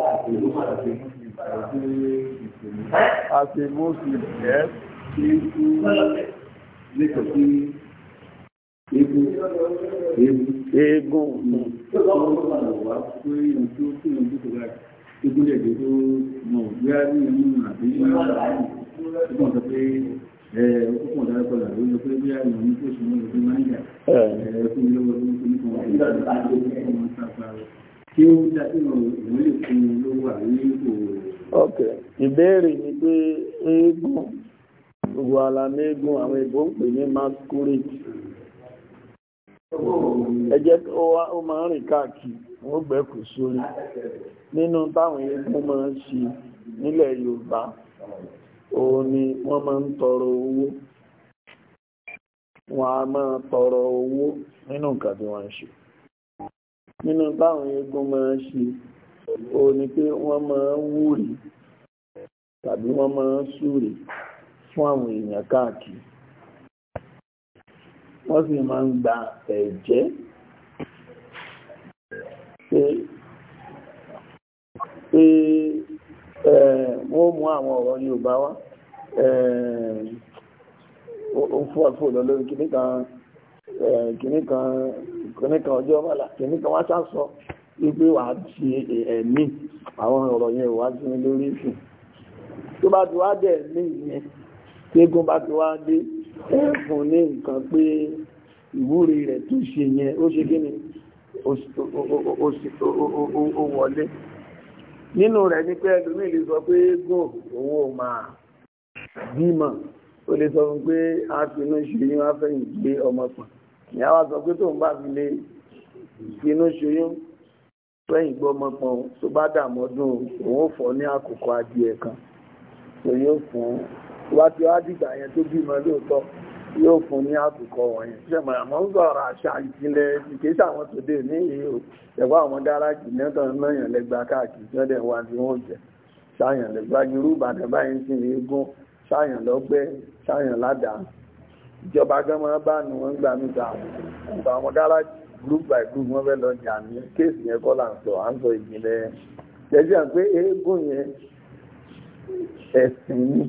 As a Muslim, yes, Hebrew, Nicotine, Egun ni. Ìgbìlẹ̀ àti ìgbìmọ̀ sọ pé ọkùnkùn dárípọ̀ làrí ló pé bí a tí ó dájú ìwọ̀n lè ní ok ìbéèrè ni pé eégún gbogbo ala méégún àwọn ìbò ń pè ní masquerade ẹ jẹ́ ó máa ń rìn káàkiri wọ́n gbẹ́kù sórí nínú táwọn eégún máa ń ṣe Yorùbá òun ni wọ́n máa ń tọrọ owó wọ́n a máa tọrọ owó nínú nǹkan tí nínú báwọn eégún máa ń ṣe ó ní pé wọ́n máa ń wúre tàbí wọ́n máa ń súre fún àwọn èèyàn káàkiri wọ́n sì máa ń gba ẹ̀jẹ́ pé pé wọ́n mú àwọn ọ̀rọ̀ Yorùbá wá ó fún ọ̀fọ̀ lọ lórí Eh, kìíní kan ọjọ́ bọ́lá kìíní kan wá sásọ wípé wà á ti eh, ẹ̀mí àwọn ọ̀rọ̀ yẹn wá sí lórí ìsìn tó bá ti wá dẹ̀ ní ìyẹn tégún bá ti wá dé ẹ̀fún ní nǹkan pé ìwúrí rẹ̀ tó ṣe yẹn ó ṣe kí ni ó wọlé nínú rẹ̀ ní pé ẹlòmíì lè sọ pé gùn òun ò máa bímọ ó lè sọ fún pé a fi inú ṣe yín wá fẹ́yìn gbé ọmọ pọ̀ ìyá wa sọ pé tóun bá fi lè finú ṣoyún fẹ́yìn gbọ́mọpọ̀n tó bá dààmú ọdún òun ò fọ́ ní àkókò adìẹ kan tó yóò fún wá tí wá dìgbà yẹn tó bímọ lóòótọ́ yóò fún ní àkókò wọ̀nyẹn ṣẹ̀mọ̀ àmọ́ ń sọ̀rọ̀ àṣà ìpínlẹ̀ ìkéṣà àwọn tòde ní ìhò ẹ̀kọ́ àwọn gáràjì nẹ́tọ̀ náyàn lẹ́gbà káàkiri tí wọ́n dẹ̀ wá ní wọ́n jẹ ṣáyàn lẹ́gbà yorùbá dẹ̀ báyìí ń ìjọba gan máa bá nu wọn gbà mí ta ìgbà àwọn gáràjì group by group wọn fẹ́ lọ jà ní kéèsì yẹn kọ́ là ń sọ à ń sọ ìjìnlẹ̀ jẹjẹ à ń pé eégún yẹn ẹ̀sìn ni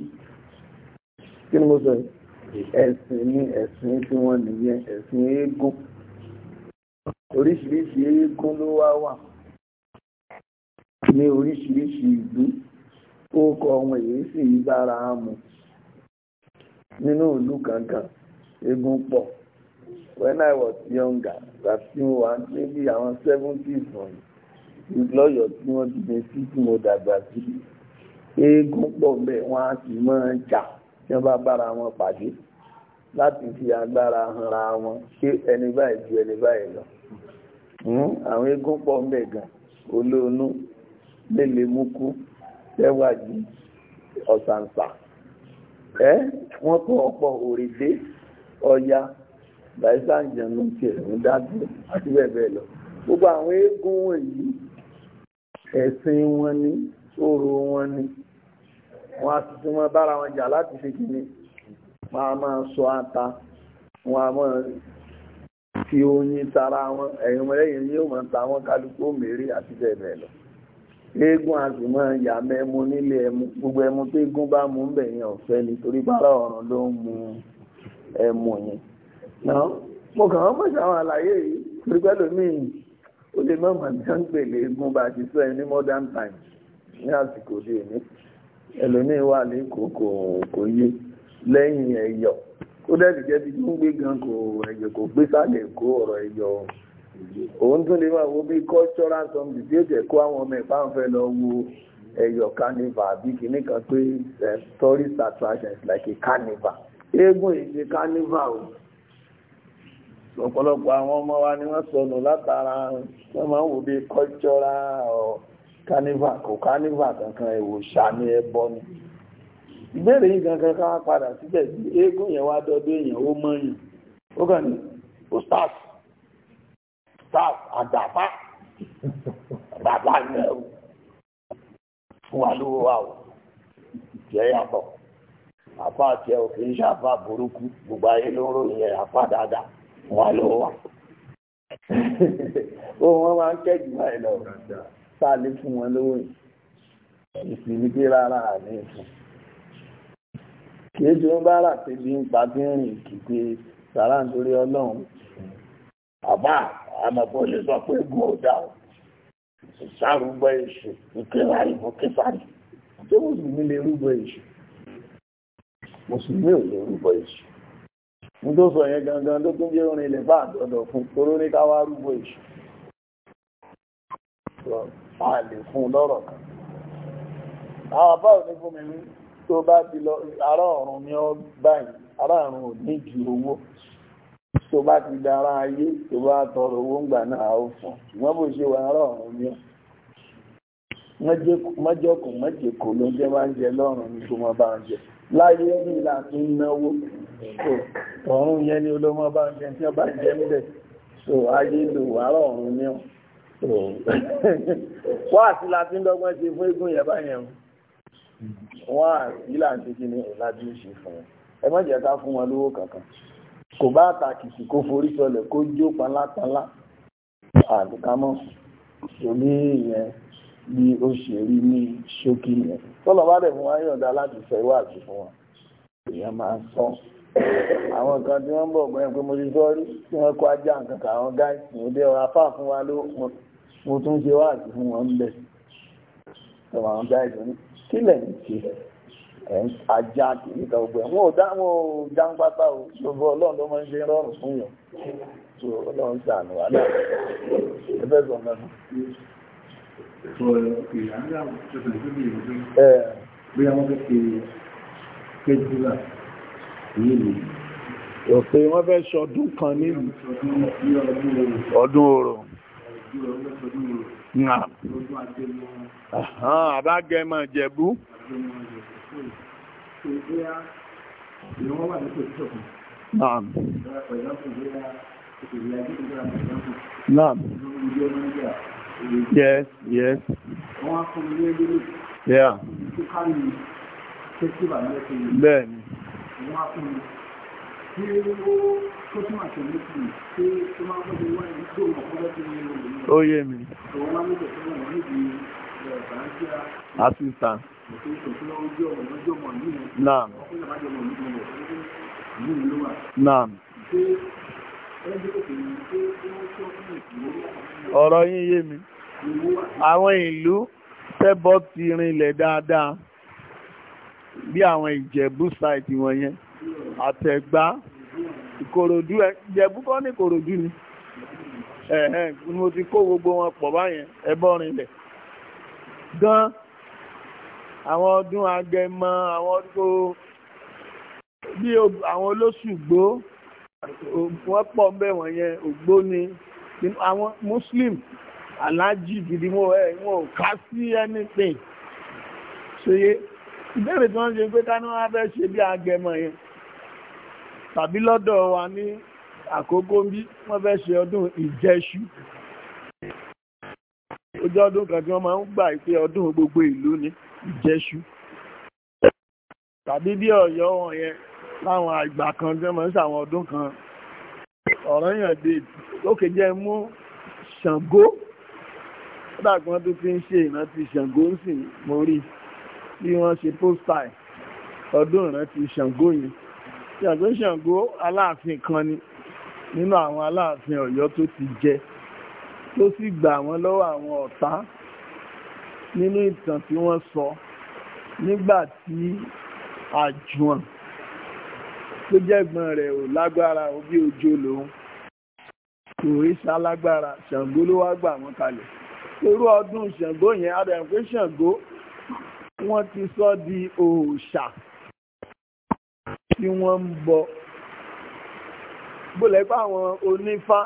kí ni mo sọ ẹ̀sìn ni ẹ̀sìn tí wọ́n nìyẹn ẹ̀sìn eégún oríṣiríṣi eégún ló wá wà ní oríṣiríṣi ìlú ó kọ ohun èyí sì yí bára mu nínú ìlú kankan egun pọ̀ when I was younger láti wà níbi àwọn seventies wọ̀nyí lọ́yọ̀ tí wọ́n ti dé sí tí mo dàgbà sí eégún pọ̀ mbẹ̀ wọ́n á sì máa ń jà tí wọ́n bá bára wọn pàdé láti fi agbára hanra wọn ṣé ẹni báyìí ju ẹni báyìí lọ. Hmm, àwọn eégún pọ̀ mbẹ̀ gan olóonú lélẹ́múkú tẹ́wàjú ọ̀sàǹsà ẹ́ wọ́n tó ọ̀pọ̀ òrèdé ọya bàísà ìjẹun ti ẹ̀rùn dájú àti bẹ́ẹ̀ lọ gbogbo àwọn eégún wọ̀nyí ẹ̀sìn wọn ni orò wọn ni wọn a tuntun wọn bára wọn jà láti fi kí ni wọn a máa sọ ata wọn a máa fi oyin tara wọn ẹ̀yìn ọmọlẹ́yìn yóò máa ta wọn kálukú mèrè àti bẹ́ẹ̀ lọ eégún àti mọ́ ìyá mẹ́mu nílé ẹmu gbogbo ẹmu tó eégún bá mú bẹ̀yìn ọ̀fẹ́ nítorí bára ọ̀ràn ló ń mu un ẹ̀mù yẹn náà mo kàn wọ́n mọ̀ṣẹ́ àwọn àlàyé yìí torí pẹ́lú mi ò lè mọ̀mọ́ tí wọ́n ń pèlè bá ti sọ ẹ ní modern times ní àsìkò dé ní ẹlòmíín wà ní kòkò kò yé lẹ́yìn ẹ̀yọ̀ ó dẹ́ẹ̀dì jẹ́ ti tó ń gbé gan kò ẹ̀yọ̀ kò gbé sálẹ̀ kó ọ̀rọ̀ ẹ̀yọ̀ òun tún lè máa wo bí cultural something tí ó jẹ́ kó àwọn ọmọ ìpá ń lọ wo ẹ̀yọ̀ carnival bí kìíní kan pé eh, tourist attraction like a carnival eégún èdè kánífà o ọ̀pọ̀lọpọ̀ àwọn ọmọ wa ni wọ́n sọnù látara wọ́n máa ń wò bí kọ́jọ́ra ọ̀ kánífà kò kánífà kankan èwò sàmì ẹbọ ni ìbéèrè yìí kankan ká padà síbẹ̀ sí eégún yẹn wá dọ́dọ̀ èèyàn ó mọ̀yàn ó kàn ní ó staff staff àdàpá bàbá yẹn o fún wa lówó wa o jẹ́ yàtọ̀ àfa àti ẹ̀ òkè ń ṣàfà burúkú gbogbo ayé ló ń ròyìn ẹ̀ àfa dáadáa wà ló wà. ohun wọn máa ń kẹ́jù báyìí lọ tá a lè fún wọn lówó yìí ìsinmi pé rárá àní fún. kìí ṣe ń bá rà pé bí ń pa bí ń rìn kìí sàrà nítorí ọlọ́run àbá àmọ̀pọ̀ lè sọ pé gùn ó dà ó sárúgbọ́ èṣù ìkéwàá ìbò kéfàrí tí mùsùlùmí lè rúgbọ́ èṣù mùsùlùmí ò lè rúbọ èṣù ní tó sọ yẹn gangan tó tún jẹ́ orin ilẹ̀ bá àdọ́dọ̀ fún toró ní ká wá rúbọ èṣù a lè fún lọ́rọ̀ kan àwọn bá ò ní fún mi tó bá ti lọ ará ọ̀run ni ọ báyìí ará ọ̀run ò ní ju owó tó bá ti dára ayé tó bá tọrọ owó ń gbà náà ó mọ́jọ́kùn ló jẹ́ máa ń jẹ lọ́rùn ní tó máa bá ń jẹ láyé ní ìlàtí náwó ọ̀run yẹn ni olómọ́ bá ń jẹ tí ọba jẹ́ ń bẹ̀ so ayé lò wárọ̀ ọ̀run ní wọ́n àti láti ń dọ́gbọ́n ti fún eégún yẹn báyẹn wọ́n àti láti kí ni ọ̀làjú ṣe fún wọn ẹ má jẹ́ ká fún wọn lówó kankan kò bá àtàkìsì kó forí sọlẹ̀ kó jó palápalá àdìkámọ́ òní bí ó ṣe rí ní ṣókí yẹn tọ́lọ̀ bá dẹ̀ fún wa yọ̀ǹda láti sọ ìwádìí fún wa èèyàn máa sọ àwọn kan tí wọ́n ń bọ̀ gbọ́n pé mo ti sọ rí tí wọ́n kó ajá nǹkan kan àwọn gáìsì ó dé ọ̀rọ̀ afá fún wa ló mo tún ṣe wáàdì fún wọn ń bẹ̀ tọ́lọ̀ àwọn gáìsì ní kí lẹ́yìn ṣe ajá kìí ta ọgbẹ̀ wọn ò dáwọn ò jáńpátá ò ṣòfò ọlọ́run tó máa ń ṣe rọrùn fún yàn tó ọlọ́run ṣàánú wà náà ẹgbẹ́ sọ mẹ́fún sọ ìrànlá tuntun tó bí ìrìn pé bí wọ́n fẹ́ ṣe kéjìlá nílùú òfin wọ́n fẹ́ ṣọdún kan nílùú ọdún orò àbágẹmọ jẹ̀bú Naam. Yes, yes. Yeah. Bẹ́ẹ̀ni. Ó yé mi. Asista. Naam. Naam ọ̀rọ̀ yín yé mi àwọn ìlú tẹ́bọ́ ti rinlẹ̀ dáadáa bí àwọn ìjẹ̀bú sáìtì wọ̀nyẹn àtẹ̀gbá ìkòròdú ẹ̀ ìjẹ̀bú kọ́ ní ìkòròdú ni ẹ̀hẹ́n mo ti kó gbogbo wọn pọ̀ báyẹn ẹbọ rinlẹ̀ gan àwọn ọdún agẹmọ àwọn ọdún bí àwọn olóṣùgbò wọ́n pọ̀ ń bẹ̀ wọ̀n yẹn ògbóni àwọn muslim aláàjì gidi wọn ẹ̀ eh, wọn ò ká sí anything ṣeye ìbéèrè tí wọ́n ṣe pé ká ní wọ́n fẹ́ ṣe bí agẹmọ yẹn tàbí lọ́dọ̀ wa ní àkókò bí wọ́n fẹ́ ṣe ọdún ìjẹṣu ojú ọdún kan tí wọ́n máa ń gbà pé ọdún gbogbo ìlú ni ìjẹṣu tàbí bí ọ̀yọ́ wọn yẹn láwọn àgbà kan tí wọ́n máa ń sàwọn ọdún kan ọ̀rọ̀ yàn dé lókè jẹ́ mú Ṣàngó ó dàgbọ́n tó fi ń ṣe ìrántí Ṣàngó ń sìn mo rí bí wọ́n ṣe pósítà ọdún ìrántí Ṣàngó yẹn Ṣàngó Ṣàngó Aláàfin kan ni nínú àwọn Aláàfin Ọ̀yọ́ tó ti jẹ tó sì gbà wọ́n lọ́wọ́ àwọn ọ̀tá nínú ìtàn tí wọ́n sọ nígbà tí àjùwọ̀n tó jẹ́gbọ́n rẹ̀ ò lágbára òbí òjò lòun kò rí sálágbára ṣàǹgó ló wá gbà wọ́n kalẹ̀ irú ọdún ṣàǹgó yẹn adam pé ṣàǹgó wọ́n ti sọ di òòṣà tí wọ́n ń bọ bólẹ̀ pé àwọn onífá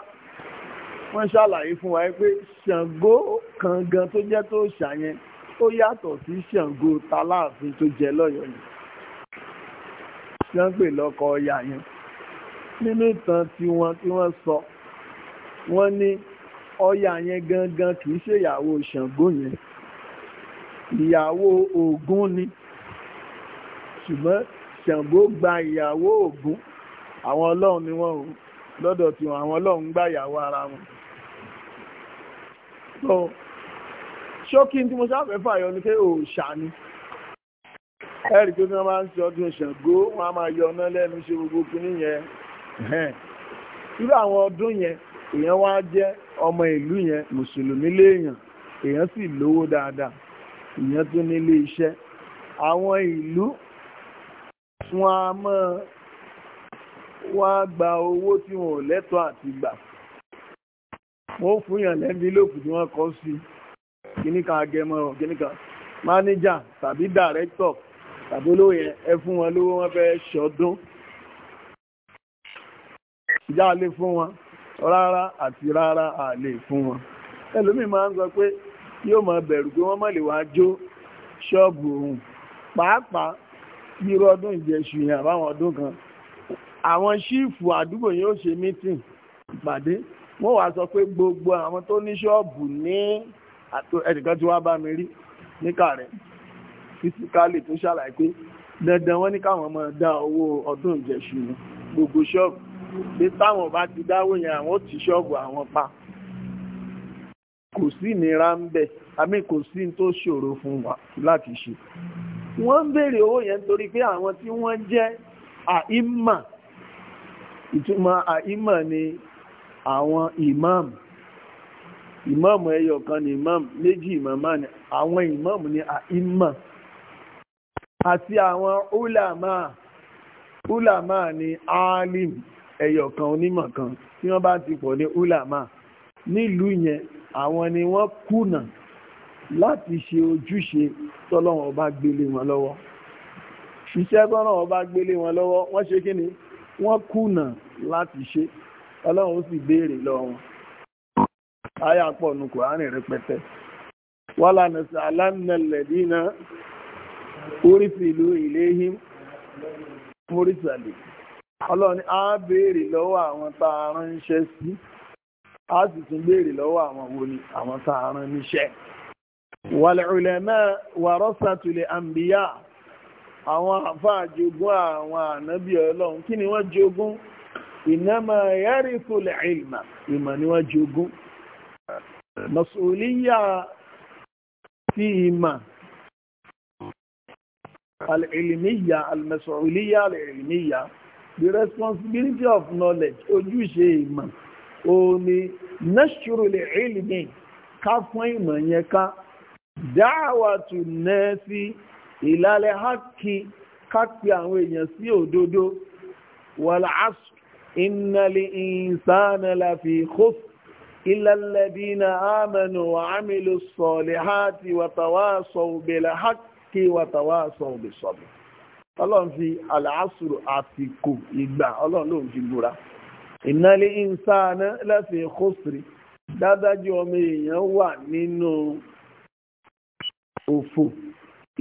wọ́n ṣàlàyé fún wa pé ṣàǹgó kan gan tó jẹ́ tó ṣà yẹn ó yàtọ̀ sí ṣàǹgó taláàfin tó jẹ lọ́yọ̀ọ́ yìí tí wọ́n ń pè lọ́kọ ọya yẹn nínú ìtàn tiwọn tí wọ́n sọ wọ́n ní ọya yẹn gangan kì í ṣèyàwó Ṣàngó yẹn ìyàwó Ògún ni ṣùgbọ́n Ṣàngó gba ìyàwó Ògún àwọn ọlọ́run ni wọ́n lọ́dọ̀ tiwọn àwọn ọlọ́run gbà ìyàwó ara wọn ṣókí tí mo sáfẹ́ fàyọ ni pé òòṣà ni. So, ẹ̀rì tó ní wọ́n máa ń ṣe ọdún ṣàngó wọ́n á máa yọ ọ̀nà lẹ́nu ṣe gbogbo kínní yẹn irú àwọn ọdún yẹn èèyàn wá jẹ́ ọmọ ìlú yẹn mùsùlùmí léèyàn èèyàn sì lówó dáadáa èèyàn tún nílé iṣẹ́ àwọn ìlú wọn a máa wá gba owó tí wọn ò lẹ́tọ̀ọ́ àti gbà wọ́n fún yàn lẹ́ńbílòpù tí wọ́n kọ́ sí kíníkan agẹmọ kíníkan mánéjà tàbí dàrẹ́tọ̀ tàbí olówó yẹn ẹ fún wọn lówó wọn fẹ́ ṣọdún ìjà lè fún wọn rárá àti rárá à lè fún wọn ẹlòmíì máa ń sọ pé yóò máa bẹ̀rù pé wọ́n má lè wá jó ṣọ́ọ̀bù òun pàápàá irú ọdún ìjẹsù yẹn àbáwọn ọdún kan àwọn ṣíìfù àdúgbò yẹn ó ṣe mítìn ìpàdé wọ́n wàá sọ pé gbogbo àwọn tó ní ṣọ́ọ̀bù ní ẹnìkan tí wàá bá mi rí níkàrẹ́ fisikálì tó ṣàlàyé pé dandan wọ́n ní káwọn máa dá owó ọdún ìjẹ̀ṣù ni gbogbo ṣọ́ọ̀bù pé táwọn bá ti dáwó yẹn àwọn ó ti ṣọ́ọ̀bù àwọn pa kò sí ìnira ń bẹ̀ àmì kò sí tó ṣòro fún wa láti ṣe wọ́n ń béèrè owó yẹn torí pé àwọn tí wọ́n jẹ́ àìmà ìtumọ̀ àìmà ni àwọn imam imam ẹyọ kan ni imam méjì imam ni àwọn imam ni àìmà àti àwọn ulama ulama ni alim ẹyọkan onímọ̀ kan tí wọ́n bá ti pọ̀ ní ulama nílùú yẹn àwọn ni wọ́n kùnà láti ṣe ojúṣe tọ́lọ́wọ́n ọba gbélé wọn lọ́wọ́ iṣẹ́ tọ́lọ́wọ́n ọba gbélé wọn lọ́wọ́ wọ́n ṣe kí ni wọ́n kùnà láti ṣe ọlọ́run sì béèrè lọ wọn ayà pọ̀ nù kò ránì rẹpẹtẹ wọ́n lànà sí orifilu ìléhìn mórísàlẹ̀ ọlọ́ni béèrè lọ́wọ́ àwọn tá a rán iṣẹ́ sí á sì tún béèrè lọ́wọ́ àwọn wo ni àwọn tá a rán níṣẹ́ wàlẹ̀ulẹ̀mẹ́ wàrọ́sàtulẹ̀ àmbíyà àwọn àfáà jogún àwọn ànábì ọlọ́run kí ni wọ́n jogún ìnáma yẹ́rìtulẹ̀ ìlmà ìmọ̀ ni wọ́n jogún sí ìmọ̀ al-ilmiya al the responsibility of knowledge ojúṣe ìmọ̀ òní nashru al-ilmi ká fún ìmọ̀ yẹn ká dáwàtú nẹ́ẹ̀sì ìlàlẹ̀ hákì ká pe àwọn èèyàn sí òdodo wàlásù ìnàlì ìsánàlàfì إلا الذين آمنوا وعملوا الصالحات وتواصوا بالحق haqqi wa tawasaw bis sabr ọlọ́run fi àlàásùrù àsìkò ìgbà ọlọ́run ló ń fi búra innal insana lafi khusri dádájú ọmọ èèyàn wà nínú òfò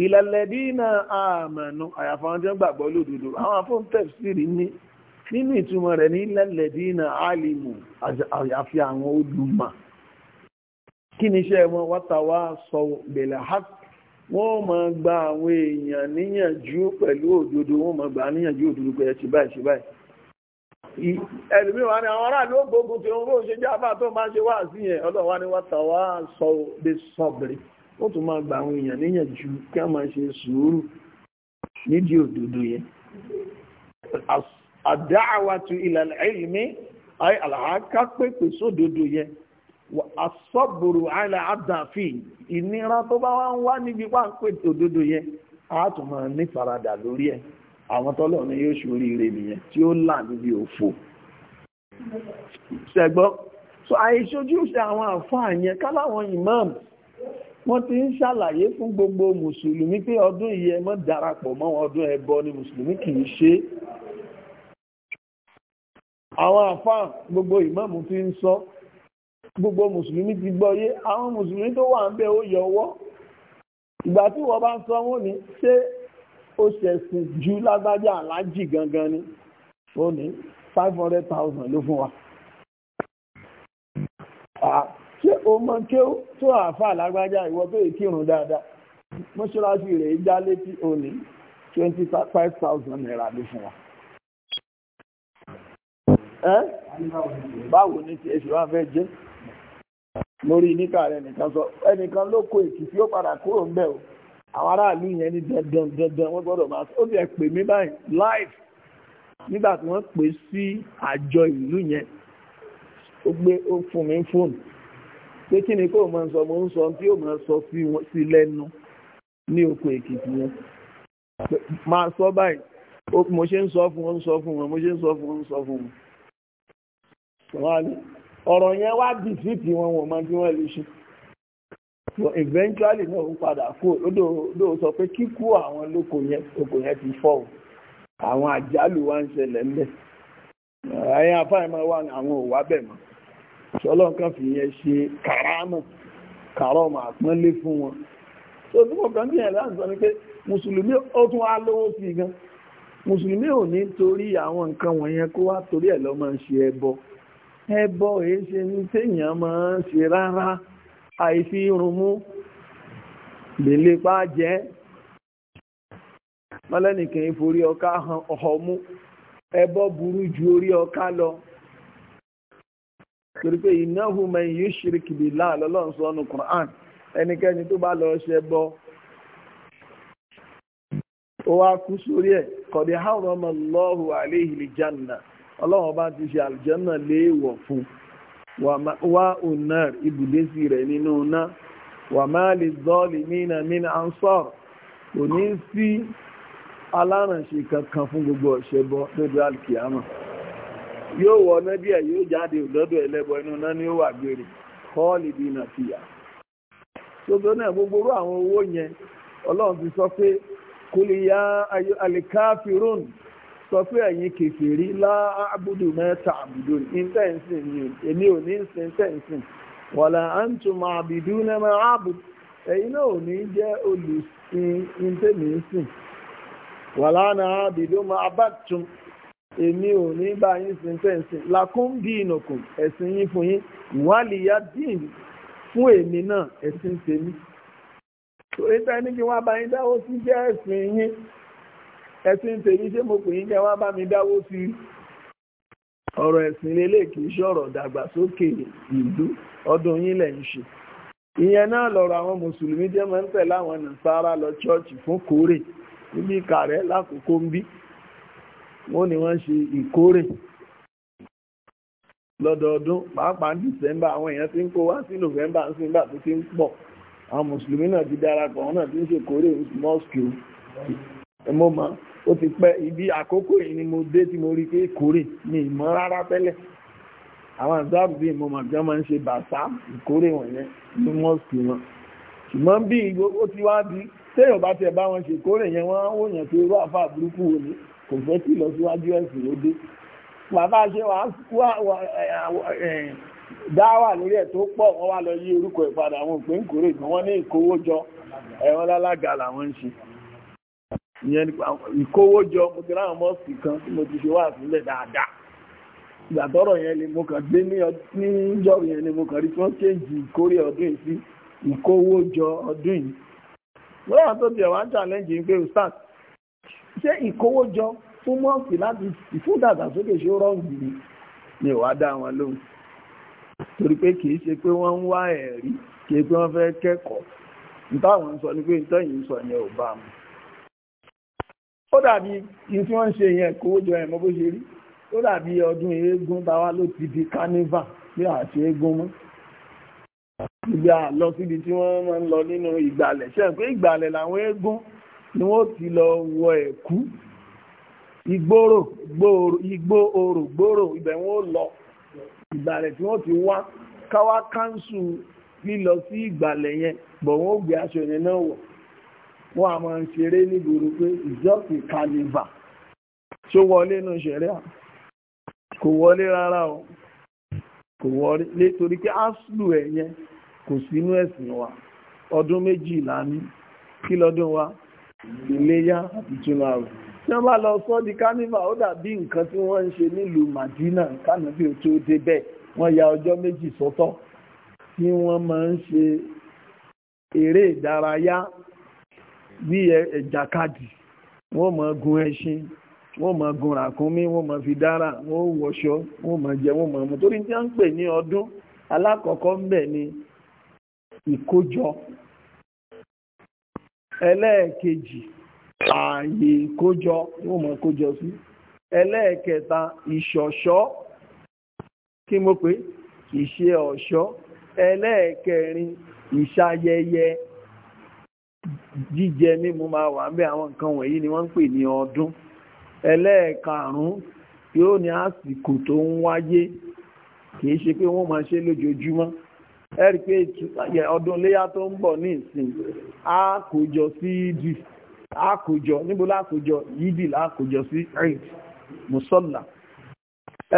ìlàlẹ́dínà àmànù àyàfàwọn tí wọ́n gbàgbọ́ lódodo àwọn afọ́ntẹ́f sì rí ní nínú ìtumọ̀ rẹ̀ ní ìlàlẹ́dínà àlìmù àyàfi àwọn olùmọ̀ kí ni iṣẹ́ wọn wátàwá sọ bẹ̀lẹ̀ hàk wọ́n máa gba àwọn èèyàn níyànjú pẹ̀lú òdodo wọ́n máa gba níyànjú òdodo pé ẹ ti báyìí ti báyìí ẹlùmíwà ni àwọn ará ló gbógun tí oòrùn ṣe jẹ́ àbá tó máa ṣe wá sí yẹn ọlọ́wà ni wọ́ta wá sọ bí sọ́bìrì ó tún máa gba àwọn èèyàn níyànjú kí a máa ṣe sùúrù nídìí òdodo asọ́bùrù àìlà àdàfí ìnira tó bá wá ń wá níbi wá ń pè òdodo yẹn a tún máa ní faradà lórí ẹ̀ àwọn tọ́lọ̀ ní yóò ṣorí ire nìyẹn tí ó là níbi òfò ṣẹ̀gbọ́n so àìṣojú ṣe àwọn àfáà yẹn káláwọn imam wọ́n ti ń ṣàlàyé fún gbogbo mùsùlùmí pé ọdún yìí mọ́ darapọ̀ mọ́ ọdún ẹbọ ni mùsùlùmí kì í ṣe àwọn àfáà gbogbo ìmáàmù ti ń sọ gbogbo mùsùlùmí ti gbọ́ yé àwọn mùsùlùmí tó wà ń bẹ ó yọ ọwọ́ ìgbà tí wọ́n bá ń sọ wọ́n ní ṣé ó ṣẹ̀sìn ju lágbájá aláàjì gangan ni ó ní five hundred thousand ló fún wa. ṣé o mọ kí ó tó àáfà lágbájá ìwọ tó yẹ kírun dáadáa mọ́ṣáláṣí rẹ̀ já létí ó ní twenty five thousand naira ló fún wa báwo ni tí ẹ ṣe wá fẹ́ jẹ́ lórí níkà rẹ nìkan sọ ẹnìkan ló kó èkìtì ó padà kúrò ń bẹ̀ o àwọn aráàlú yẹn ní dandan dandan wọ́n gbọ́dọ̀ máa sọ ó ti ẹ̀ pè mí báyìí live nígbà tí wọ́n pè sí àjọ ìlú yẹn ó gbé ó fún mi fóònù pé kí ni kó o máa sọ mo ń sọ tí ó máa sọ sí lẹ́nu ní oko èkìtì yẹn máa sọ báyìí mo ṣe ń sọ fún wọn ń sọ fún wọn mo ṣe ń sọ fún wọn ń sọ fún wọn ọ̀rọ̀ yẹn wá bì sí tí wọn wọ̀n mọ́ bí wọ́n lè ṣe so eventually náà ń padà kú lódò sọ pé kíkú àwọn lóko yẹn lóko yẹn ti fọ́ o àwọn àjálù wá ń ṣẹlẹ̀ ńlẹ̀ ẹ̀yìn afáìmọ̀ wà àwọn òwà bẹ̀ mọ́ ṣọlọ́n kan fi yẹn ṣe kàrámù kàrọ́mù àpọ́nlé fún wọn so tí mo kàn gbìyànjú láti sọ ni pé mùsùlùmí ó tún wá lówó sí i gan mùsùlùmí ò ní torí àwọn nǹkan wọ̀nyẹn kó wá torí ẹ̀ lọ́ máa ń ṣe ẹbọ ẹbọ èé ṣe ní ṣe rárá àìfi irunmú lèlépa jẹ́ mọ́lẹ́nìkan ìforí ọká ẹbọ burú ju orí ọká lọ torí pé innahu yìí siri kìdì lọ́lọ́run sọ ẹnikẹ́ni tó bá lọ ṣẹbọ ó wá kú sórí ẹ̀ kọ̀dí ọlọ́run bá ti ṣe àlùjànnà léèwọ̀ fún wá ọ̀nà ibùdésí rẹ̀ nínú ọ̀nà wà máa lè zọ́ọ̀lì nínà nínà ansọ́r kò ní sí alárànṣe kankan fún gbogbo ọ̀ṣẹ́bọ lójú alkiyama yóò wọ ọ̀nà díẹ̀ yóò jáde lọ́dọ̀ ẹlẹ́bọ inú náà ni ó wà gbére kọ́ọ̀lì dínà fìyà gbogbo náà gbogbo àwọn owó yẹn ọlọ́run ti sọ pé kò lè ya alikafirun sọ fún ẹ̀yin kèfèrí láàbùdù mẹ́ta àbùdù ni èmi ò ní sin intensin wàlà antum àbùdù nẹ́mẹ́ àbùdù ẹ̀yin náà ò ní jẹ́ olùsìn intensin wàlà àná àbùdù mọ́ abátum èmi ò ní bá yín sin intensin làkún bí ìnàkùn ẹ̀sìn yín fún yín wàlìyá dín fún èmi náà ẹ̀sìn tèmi. ní kí wọ́n ẹ̀sìn tèmi ṣé mo pè yín kẹ́ wá bá mi dáwó sí ọ̀rọ̀ ẹ̀sìn lélẹ̀ kì í ṣọ̀rọ̀ dàgbàsókè ìlú ọdún yín lẹ̀ ń ṣe ìyẹn náà lọ̀rọ̀ àwọn mùsùlùmí jẹ́ máa ń tẹ̀ láwọn nàṣàrà lọ chọ́ọ̀chì fún kórè níbi ìkàrẹ́ lákòókò ń bí wọ́n ní wọ́n ṣe ìkórè lọ́dọọdún pàápàá dìsẹ́mbà àwọn èèyàn ti ń kó wá sí nọ́vẹ́mbà ń sìn gbà ti ń pọ̀ àwọn mùsùlùmí náà ti darapọ̀ wọn náà ti ń ṣe kórè mọ́ọ̀sì mo mọ̀ ó ti pẹ́ ibi àkókò yìí ni mo dé tí mo rí pé ìkórè mi ìmọ̀ rárá tẹ́lẹ̀ àwọn àzáàbù bíi mo màgbá máa ń ṣe bàtà ìkórè wọ̀nyẹn ní mọ́ọ̀sì wọn ṣùgbọ́n bí di téèyàn bá tiẹ̀ bá wọn ṣe ìkórè ni kò fẹ́ kí ìlọsíwájú ẹ̀sìn ló dé bàbá ṣe dáwà lórí ẹ̀ tó pọ̀ wọ́n wá lọ yí orúkọ ìpadà àwọn òpin kórè gan wọ́n ní ìkówójọ ẹ̀wọ̀n lálága làwọn ń ṣe ìyẹn nípa ìkówójọ mo ti ráhùn mọ́ọ̀sì kan tí mo ti ṣe wá sílẹ̀ dáadáa ìgbà tọ́rọ̀ yẹn ni mo kàn dé níjọ́ yẹn ni mo kàn rí tí wọ́n kéjì ìkórè ọdún yìí sí ìkówójọ ọdún yìí lọ́wọ́ tó ti ẹ̀wà ń challenge yìí pé ustaz ṣé ìkówójọ fún mọ́ọ̀sì láti fún dàgbàsókè ṣe rọ́ọ̀gì ni ni ò wá dá wọn lóhùn torí pé kì í ṣe pé wọ́n ń wá ẹ̀rí kì í pé wọ́n fẹ́ kẹ́kọ̀ọ́ nítawọn sọ ni pé ìtọ́yìn sọ yẹn ò bá mu ó dàbí kí tí wọ́n ń ṣe yẹn kówó jọ ẹ̀mọ́ bó ṣe rí ó dàbí ọdún eégún báwa ló ti di kánífà bí àti eégún mọ́ ibi àlọ síbi tí wọ́n máa ń lọ nínú ìgbàlẹ̀ ṣe pé ìgbàlẹ̀ làwọn eégún ni wọ́n ti lọ wọ ẹ̀kú ìgboro igbó orò gbòòrò ibẹ̀ wọn lọ ìgbàlẹ̀ tí wọ́n ti wá káwá káńsù lílọ sí ìgbàlẹ̀ yẹn bọ̀ wọ́n gbé aṣọ yẹn wọ̀ wọ́n a máa ń ṣeré nígboro pé ìjọ́pì kàlífà ṣó wọlé nù ṣẹ̀rẹ́ à kò wọlé rárá o kò wọlé nítorí pé áṣùlù ẹ̀ yẹn kò sínú ẹ̀sìn wa ọdún méjìlá ní kí lọ́dún wa iléyá àti túnú àwẹ̀ tí wọ́n bá lọ sọ di kàlífà ó dàbí nǹkan tí wọ́n ń ṣe nílùú Màdínà kánàbí tó débẹ̀ wọ́n ya ọjọ́ méjì sọ́tọ̀ tí wọ́n máa ń ṣe eré ìdárayá bí ẹ̀jàkadì wọ́n mọ̀ gun ẹṣin wọ́n mọ̀ gun ràkúnmí wọ́n mọ̀ fi dára wọ́n wọṣọ wọ́n mọ̀ jẹ wọ́n mọ̀ mọ̀ torí tí wọ́n ń pè ní ọdún alákọ̀ọ́kọ́ ń bẹ̀ ni ìkójọ ẹlẹ́ẹ̀kejì ààyè ìkójọ wọ́n mọ̀ kójọ sí ẹlẹ́ẹ̀kẹta ìṣọ̀ṣọ́ kí mo pè ìṣe ọ̀ṣọ́ ẹlẹ́ẹ̀kẹrin ìṣayẹyẹ jíjẹ mímu máa wà bí àwọn nǹkan wọ̀nyí ni wọ́n ń pè ní ọdún ẹlẹ́ẹ̀karùn-ún yóò ní àsìkò tó ń wáyé kìí ṣe pé wọ́n máa ṣe lójoojúmọ́ ẹ rí pé ọdún léyà tó ń bọ̀ ní ìsìn á kójọ sí ìdì á kójọ níbo lákójọ yídì lákójọ sí eid musalla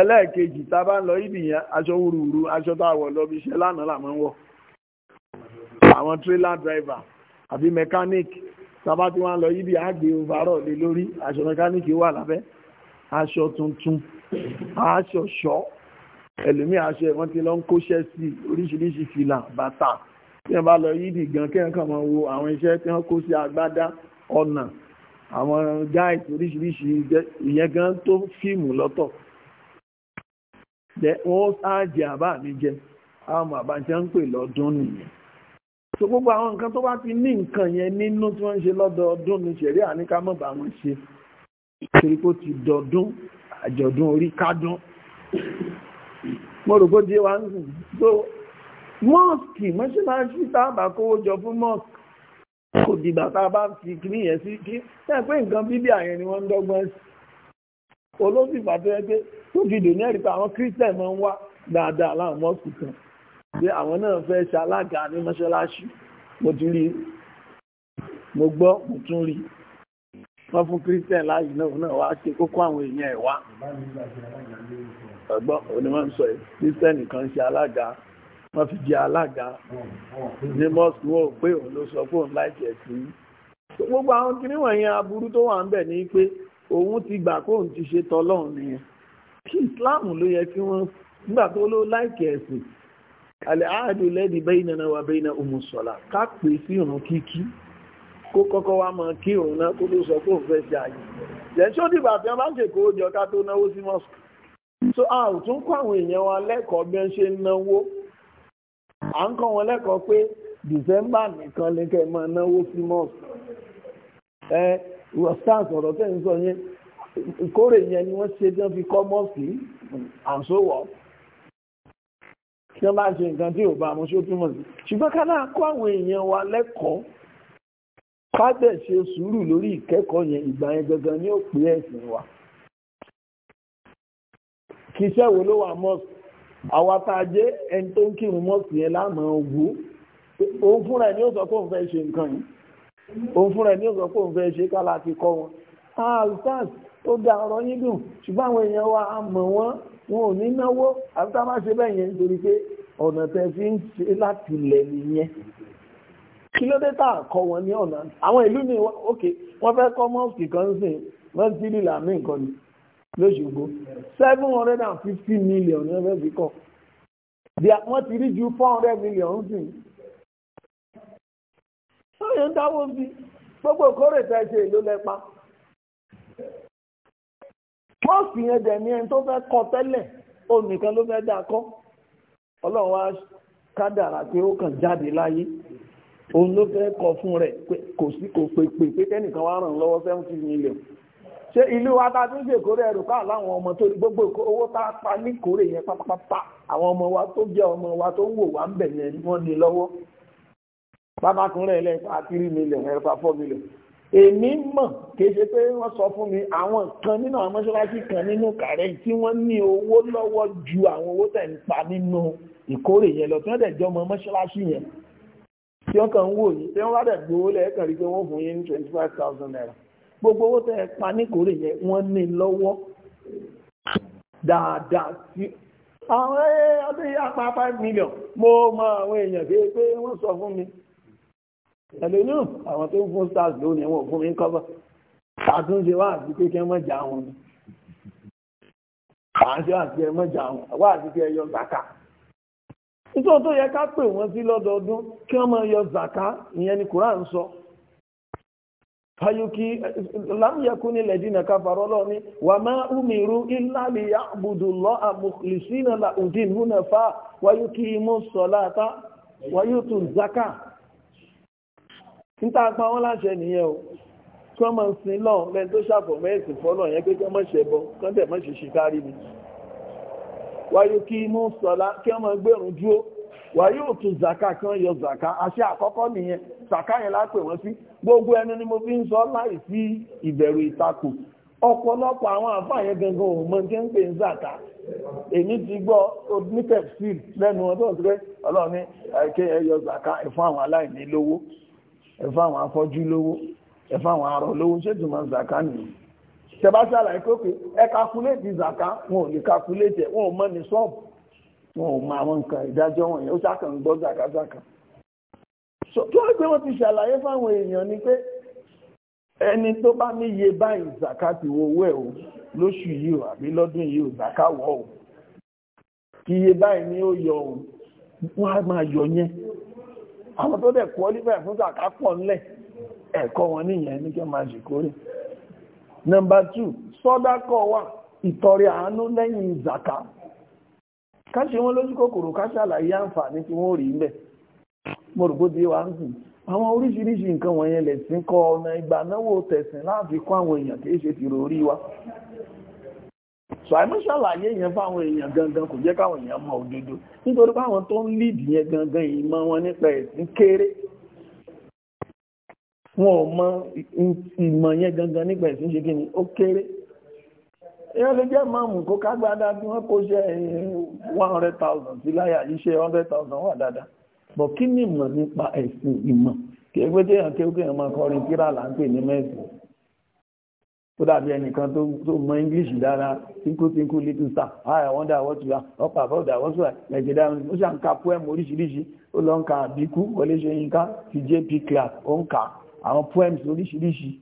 ẹlẹ́ẹ̀kejì tá a bá ń lọ yídì yẹn aṣọ wúruwúru aṣọ tá a wọ̀ lọ bí iṣẹ́ lánàá làmọ́ ń wọ̀ àwọn tírélà dráìvà àbí mẹkáníìkì sábà tí wọ́n lọ yíbi àgbè òvárọ̀ lé lórí aṣọ mẹkáníìkì wà lábẹ́ aṣọ tuntun aṣọ ṣọ́ ẹlòmíì aṣọ ẹ̀wọ́n ti lọ ń kóṣẹ́ sí oríṣiríṣi fìlà bàtà tí wọ́n bá lọ yíbi gan kí wọ́n kàn máa wo àwọn iṣẹ́ tí wọ́n kó sí agbádá ọ̀nà àwọn gáìsì oríṣiríṣi ìyẹn gan tó fíìmù lọ́tọ̀ wọ́n á jẹ àbá mi jẹ àwọn àbájá ń pè lọ́dún nìyẹn so gbogbo àwọn nǹkan tó bá ti ní nǹkan yẹn nínú tí wọ́n ń ṣe lọ́dọọdún ní ṣẹ̀rí àníká mọ̀ bá wọn ṣe torí pé ó ti dọdún àjọ̀dún orí kádún mo rò pé díẹ̀ wá ń sùn so mọ́ọ̀kì mọ́ṣáláṣí táàbà kówó jọ fún mọ́ọ̀kì kò dìgbà tá a bá fi kíní yẹn sí kí náà pé nǹkan bíbí àyẹn ni wọ́n ń dọ́gbọ́n sí olóṣìfà tó yẹ pé tó fi dè ní ẹ̀rí pé àwọn kírísítẹ̀ máa ń wá dáadáa láwọn mọ́ọ̀kì kan pé àwọn náà fẹ́ ṣe alága ní mọ́ṣáláṣí mo ti rí mo gbọ́ mo tún rí wọ́n fún christian láàyè náà náà wá ṣe kókó àwọn èèyàn ẹ̀ wá ọgbọ́n onímọ̀ ń sọ yìí christian kan ṣe alága wọ́n fi jẹ́ alága ní mọ́sùn ó pé òun ló sọ fóun láìpẹ́ sí i gbogbo àwọn kìnnì wọ̀nyẹn aburú tó wà ń bẹ̀ ni pé òun ti gbà kóun ti ṣe tọlọ́run nìyẹn kí islam ló yẹ kí wọ́n nígbà tó ló láìpẹ́ àlẹ́àádù lẹ́dì bẹ́ẹ̀nà wà bẹ́ẹ̀nà òmùsọ̀lá kápẹ̀ sí ìrùn kíkí kó kọ́kọ́ wá mọ̀ kí òun náà kó tó sọ kó fẹ́ ṣe àyè lẹ́ṣọ́ dìgbà tí ṣèkó jọ ká tó náwó sí mọ́sùkù so a ò tún kọ́ àwọn èèyàn wa lẹ́kọ̀ọ́ bí wọ́n ṣe ń náwó à ń kọ́ wọn lẹ́kọ̀ọ́ pé dìsẹ́mbà nìkan ni kẹ́ máa náwó sí mọ́sùkù ẹ rọ̀stán sọ̀rọ̀ tẹ́ ń sọ yẹn ìkórè yẹn ni wọ́n ṣe tí wọ́n fi kọ́ mọ́sùkù and so tí wọ́n bá ṣe nǹkan tí ò bá mú ṣó túmọ̀ sí ṣùgbọ́n ká náà kó àwọn èèyàn wa lẹ́kọ̀ọ́ ká dẹ̀ ṣe sùúrù lórí ìkẹ́kọ̀ọ́ yẹn ìgbà yẹn gangan ni ó pè ẹ̀sìn wa kì í ṣẹ́ wo ló wà mọ́ọ̀sì àwa tá a jẹ́ ẹni tó ń kírun mọ́ọ̀sì yẹn láàmú ọgbó òun fúnra ẹ̀ ni ó sọ pé òun fẹ́ ṣe nǹkan yìí òun fúnra ẹ̀ ni ó sọ pé fẹ́ ṣe ká láti kọ́ wọn. alsas ó da ọ̀rọ̀ yín dùn ṣùgbọ́n àwọn èèyàn wa á mọ̀ wọn ò ní náwó àbí tá a máa ṣe bẹ́ẹ̀ yẹn nítorí pé ọ̀nà tẹ fi ń ṣe láti lẹ̀ nìyẹn kí ló dé tá a kọ wọn ní ọ̀nà àwọn ìlú ní òkè wọ́n fẹ́ kọ́ mọ́ọ̀sì kan sìn wọ́n ti rí làmì nǹkan ni lóṣogbo seven hundred and fifty million ní wọ́n fẹ́ fi kọ́ wọ́n ti rí ju four hundred million sìn lóyún dáwọ́ sí gbogbo kórè tẹ́ ṣe ìlú lẹ́pa. pọ́ọ̀sì yẹn dẹ̀ ní ẹni tó fẹ́ kọ tẹ́lẹ̀ ó nìkan ló fẹ́ dá kọ́ ọlọ́run wá kádàrà tí ó kàn jáde láyé òun ló fẹ́ kọ fún rẹ̀ kò sí kò pèpè pé kẹ́nìkan wá ràn lọ́wọ́ seventy million ṣé ìlú wa ta tún ṣe kórè ẹrù ká láwọn ọmọ tó ní gbogbo owó tá a pa ní kórè yẹn pátápátá àwọn ọmọ wa tó jẹ́ ọmọ wa tó ń wò wá ń bẹ̀ yẹn wọ́n ní lọ́wọ́ bábákùnrin ẹlẹ́pàá three million ẹ̀rọ pa four million èmi mọ̀ kìí ṣe pé wọ́n sọ fún mi àwọn kan nínú àwọn mọ́ṣáláṣí kan nínú kàrẹ́ tí wọ́n ní owó lọ́wọ́ ju àwọn owó tẹ̀ ń pa nínú ìkórè yẹn lọ tí wọ́n dẹ̀ jọ mọ mọ́ṣáláṣí yẹn tí wọ́n kàn ń wò yìí tí wọ́n bá dẹ̀ gbowó lẹ́ẹ̀kan rí pé wọ́n fún yín ní twenty five thousand naira gbogbo owó tẹ̀ ẹ pa níkórè yẹn wọ́n ní lọ́wọ́ dáadáa sí àwọn eh, ọdún yìí apá five million mo mọ àwọn èèyàn pé wọ́n sọ ẹ̀lẹ́ náà àwọn tó ń fún stars lónìí ẹ̀wọ̀n fún mi kọ́bọ̀ àtúnṣe wá àti pé kí ẹ jà wọn àti ẹ jà wọn wá àti pé yọ zaka nítorí tó yẹ ká pè wọ́n sí lọ́dọọdún kí wọ́n yọ zaka ìyẹn ni Quran sọ fayuki lámìyẹkú ní lẹ́dínà káfàrọ́ lọ ní wà zaka níta pa wọ́n láṣẹ nìyẹn o kí wọ́n máa sin lọ lẹ́ni tó ṣàfọ̀ mẹ́ẹ̀sì fọ́lọ̀ yẹn pé kí wọ́n máa ṣe bọ kán tẹ̀ máa ṣèṣe kárí mi wáyé kí mú sọlá kí wọ́n máa gbẹ̀rún dúró wàyí ò tún zaka kan yọ zaka àṣẹ àkọ́kọ́ nìyẹn zaka yẹn lápè wọ́n sí gbogbo ẹnu ni mo fi ń sọ láì sí ìbẹ̀rù ìtakò ọ̀pọ̀lọpọ̀ àwọn àfáà yẹn gangan ò mọ jẹ́ ń pè ń zaka èmi ti gbọ́ onítẹ̀sí lẹ́nu ọdún ọ̀sẹ̀ ọlọ́ọ̀ni ẹ̀kẹ́ ẹ̀yọ zaka ẹ̀fọ́ àwọn aláìní lówó ẹ fáwọn afọ́jú lówó ẹ fáwọn arọ lówó ṣé ìtumọ̀ zaka nìyí tẹ́bá ṣàlàyé kókè ẹ kakuléètì zaka wọn ò lè kakuléètì ẹ wọn ò mọ ní sọ́ọ̀bù wọn ò mọ àwọn nǹkan ìdájọ́ wọn yẹn ó ṣàkàn gbọ́ zakazaka tó wọ́n pé wọ́n ti ṣàlàyé fáwọn èèyàn ni pé ẹni tó bá ní iye báyìí zaka ti wo owó ẹ̀ o lóṣù yìí o àbí lọ́dún yìí o zaka wọ̀ o kí iye báyìí ni ó yọ o wọ́n á máa yọ yẹn àwọn tó dẹ̀ qualify fún sàká pọ̀ ńlẹ̀ ẹ̀kọ́ wọn nìyẹn ní kí máa ṣe kórè number two sọ́dákọ̀ wà ìtọrẹ àánú lẹ́yìn wọn lójú kòkòrò káṣe àlàyé àǹfààní tí wọn rí ńbẹ̀ mo rò bó ń sìn àwọn oríṣiríṣi nǹkan wọ̀nyẹn lẹ̀sìn kọ ọ̀nà ìgbà náwó tẹ̀sìn láàfikún àwọn èèyàn kì í wa so àìmọ́ ṣàlàyé yẹn fáwọn èèyàn gangan kò jẹ́ káwọn èèyàn mọ òdodo nítorí báwọn tó ń lead yẹn gangan ìmọ̀ wọn nípa ẹ̀sìn kéré wọn ò mọ ìmọ̀ yẹn gangan nípa ẹ̀sìn ṣe kíni ó kéré jẹ́ kó wọ́n kó ṣe one hundred thousand sí láyà iṣẹ́ hundred thousand wà dáadáa bọ̀ kí ni ìmọ̀ nípa ẹ̀sìn ìmọ̀ kí ẹgbẹ́ kọrin kíra là ń pè tó dàbí ẹnìkan tó mọ english dára tínkú tínkú little star ah, i wonder what you are up about that what you are like that ó ṣe à ń ka poem oríṣiríṣi ó lọ ń ka àbíkú wọlé ṣóyínká ti jp clark ó ń ka àwọn poems oríṣiríṣi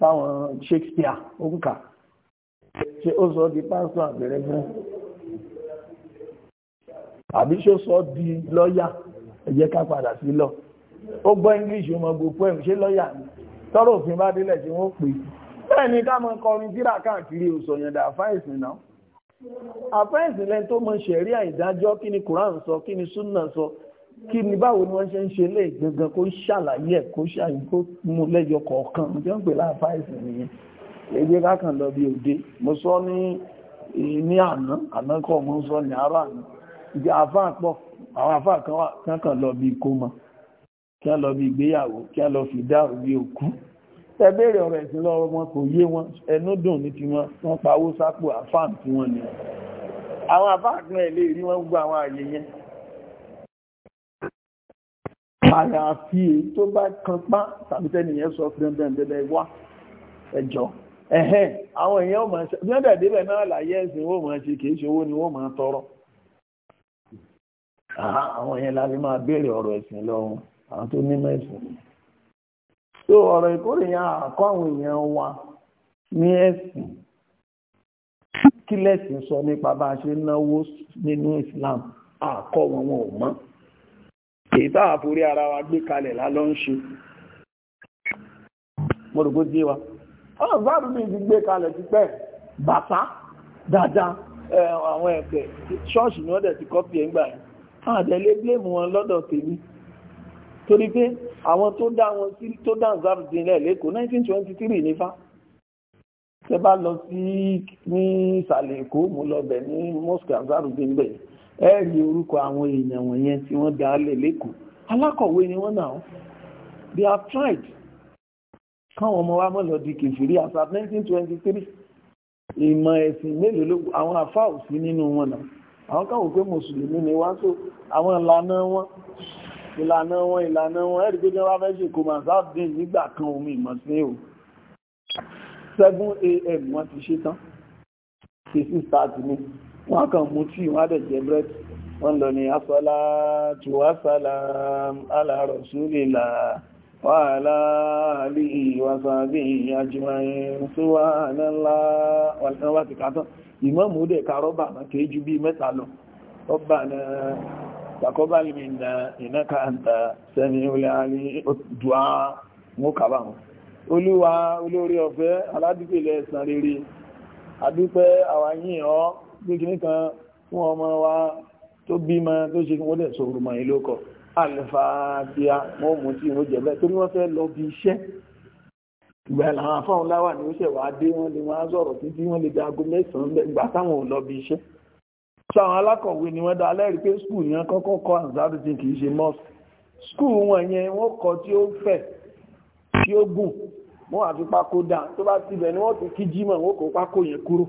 fáwọn shakespeare ó ń ka ṣe ó sọ di pásítọ̀ àbẹ̀rẹ̀ fún àbí ṣó sọ di lọ́ọ̀yà ẹ ká padà sí lọ ó gbọ́ english ó mọ gbogbo poem ṣé lọ́ọ̀yà ni tọ́rọ̀ òfin bá bẹ́ẹ̀ ni ká máa kọrin tírà káàkiri òsòyàndà àfáìsìn náà àfáìsìn lẹ́ni tó mọ ṣẹ̀ríà ìdájọ́ kí ni Quran sọ kí ni Sunna sọ kí ni báwo ni wọ́n ṣe ń ṣe lé gbẹ̀ngàn kó ṣàlàyé ẹ̀ kó ṣàyìn kó mú lẹ́yọ kọ̀ọ̀kan mo jẹ́ ń pè láàfáìsìn nìyẹn ẹgbẹ́ kákan lọ bí òde mo sọ ní ní àná àná kọ́ mo sọ ní àárọ̀ àná ìdí àáfàá pọ̀ àwọn àáfàá kan wà kákan lọ bí ìkómọ kí wọ́n lọ bí ìgbéyàwó kí wọ́n lọ fi dá òbí òkú tẹ́bẹ̀rẹ̀ ọ̀rọ̀ ẹ̀sìn lọ́wọ́ wọn kò yé wọn ẹnu dùn ní ti wọn wọ́n pa owó sápò àfáàn tí wọ́n ni àwọn àfáàkùn ẹ̀ lè rí wọn gbọ́ àwọn àyè yẹn àyàfi èyí tó bá kan pá tàbí tẹ́nìyàn sọ fúnbẹ̀ẹ́bẹ̀ẹ́ wá ẹjọ́ ẹ̀hẹ́n àwọn èèyàn ò máa ṣe bí wọ́n dẹ̀ débẹ̀ náà láyé ẹ̀sìn wọ́n máa ṣe kìí ṣe owó ni wọ́n máa tọrọ àwọn èèyàn láti máa béèrè ọ̀rọ̀ ẹ̀sìn lọ́wọ́ àwọn tó nímọ̀ ẹ̀sìn so ọ̀rọ̀ ìkórè yẹn àkọ́ àwọn èèyàn wa ní ẹ̀sìn kí lẹ́sìn sọ nípa bá ṣe náwó nínú Islam àkọ́ wọn wọn ò mọ̀ èyí tá a forí ara wa gbé kalẹ̀ lálọ́ ń ṣe mo rò kó díẹ̀ wa ọ̀rọ̀ báàbù mi ti gbé kalẹ̀ ti pẹ́ bàtà dáadáa àwọn ẹ̀kẹ́ ṣọ́ọ̀ṣì ni wọ́n dẹ̀ ti kọ́pì ẹ̀ ń gbà yẹn àdẹ̀lé bílẹ̀mù wọn lọ́dọ̀ tèmi torí pé àwọn tó dá wọn sí tó dá zamzam lẹ̀ 1923 nífà tẹ bá lọ sí ní ìsàlẹ̀ èkó mo lọ bẹ̀ ní mosque azarudin bẹ̀ ẹ rí orúkọ àwọn èèyàn wọ̀nyẹn tí wọ́n dá lẹ̀ lẹ́kọ̀ọ́ alákọ̀wé ni wọ́n náà they have tried káwọn ọmọ wa mọ̀ lọ di kìfìrí as at 1923 ìmọ̀ ẹ̀sìn mélòó ló àwọn àfáà ò sí nínú wọn náà àwọn káwọn pé mùsùlùmí ni wá so àwọn ìlànà wọn ìlànà wọn ìlànà wọn ẹ̀rí pé wa wá fẹ́ ṣe kò máa sáàdín nígbà kan omi ìmọ̀sí o 7 a.m. wọ́n ti ṣe tán kì sí start ní wọ́n kàn mú tí wọ́n dẹ̀ jẹ́ bread wọ́n lọ ní asọ́lá tùwásálà alárọ̀ súlélà wàhálà àlì ìwàsàbí àjùmáyìn tó wà náà wà ti kàtán ìmọ̀mù dẹ̀ karọ́bà náà kéjú bí mẹ́ta lọ ọba náà takọ́bàlì minna na ìnáka àǹtà sẹ́mi olè àrí dùá mú kàbà wọn olúwa olórí ọ̀fẹ́ aládùúgbèlẹ̀ ẹ̀sàn rere adúpẹ́ àwáyìn ọ́ gbígbín kan fún ọmọ wa tó bímọ tó ṣe kí wọ́n dẹ̀ sọ òrùmọ̀ yìí lókọ̀ alifáàdíà wọ́n mú tí wọ́n jẹ̀bẹ́ torí wọ́n fẹ́ lọ bí iṣẹ́ ìgbà làwọn afáwọn láwà ní ó ṣẹ̀wà dé wọ́n lè wọ́n á sọ̀rọ̀ títí wọ́n lè di aago mẹ́sàn-án gbà táwọn ò lọ bí iṣẹ́ so àwọn alákọ̀wé ni wọ́n dá alẹ́rí pé skul yẹn kọ́kọ́ kọ́ anxiety kì í ṣe mosque skul wọn yẹn wọ́n kọ́ tí ó fẹ̀ tí ó gùn wọ́n àfi pákó dà tó bá ti bẹ̀ ni wọ́n ti kí jímọ̀ wọ́n kó pákó yẹn kúrò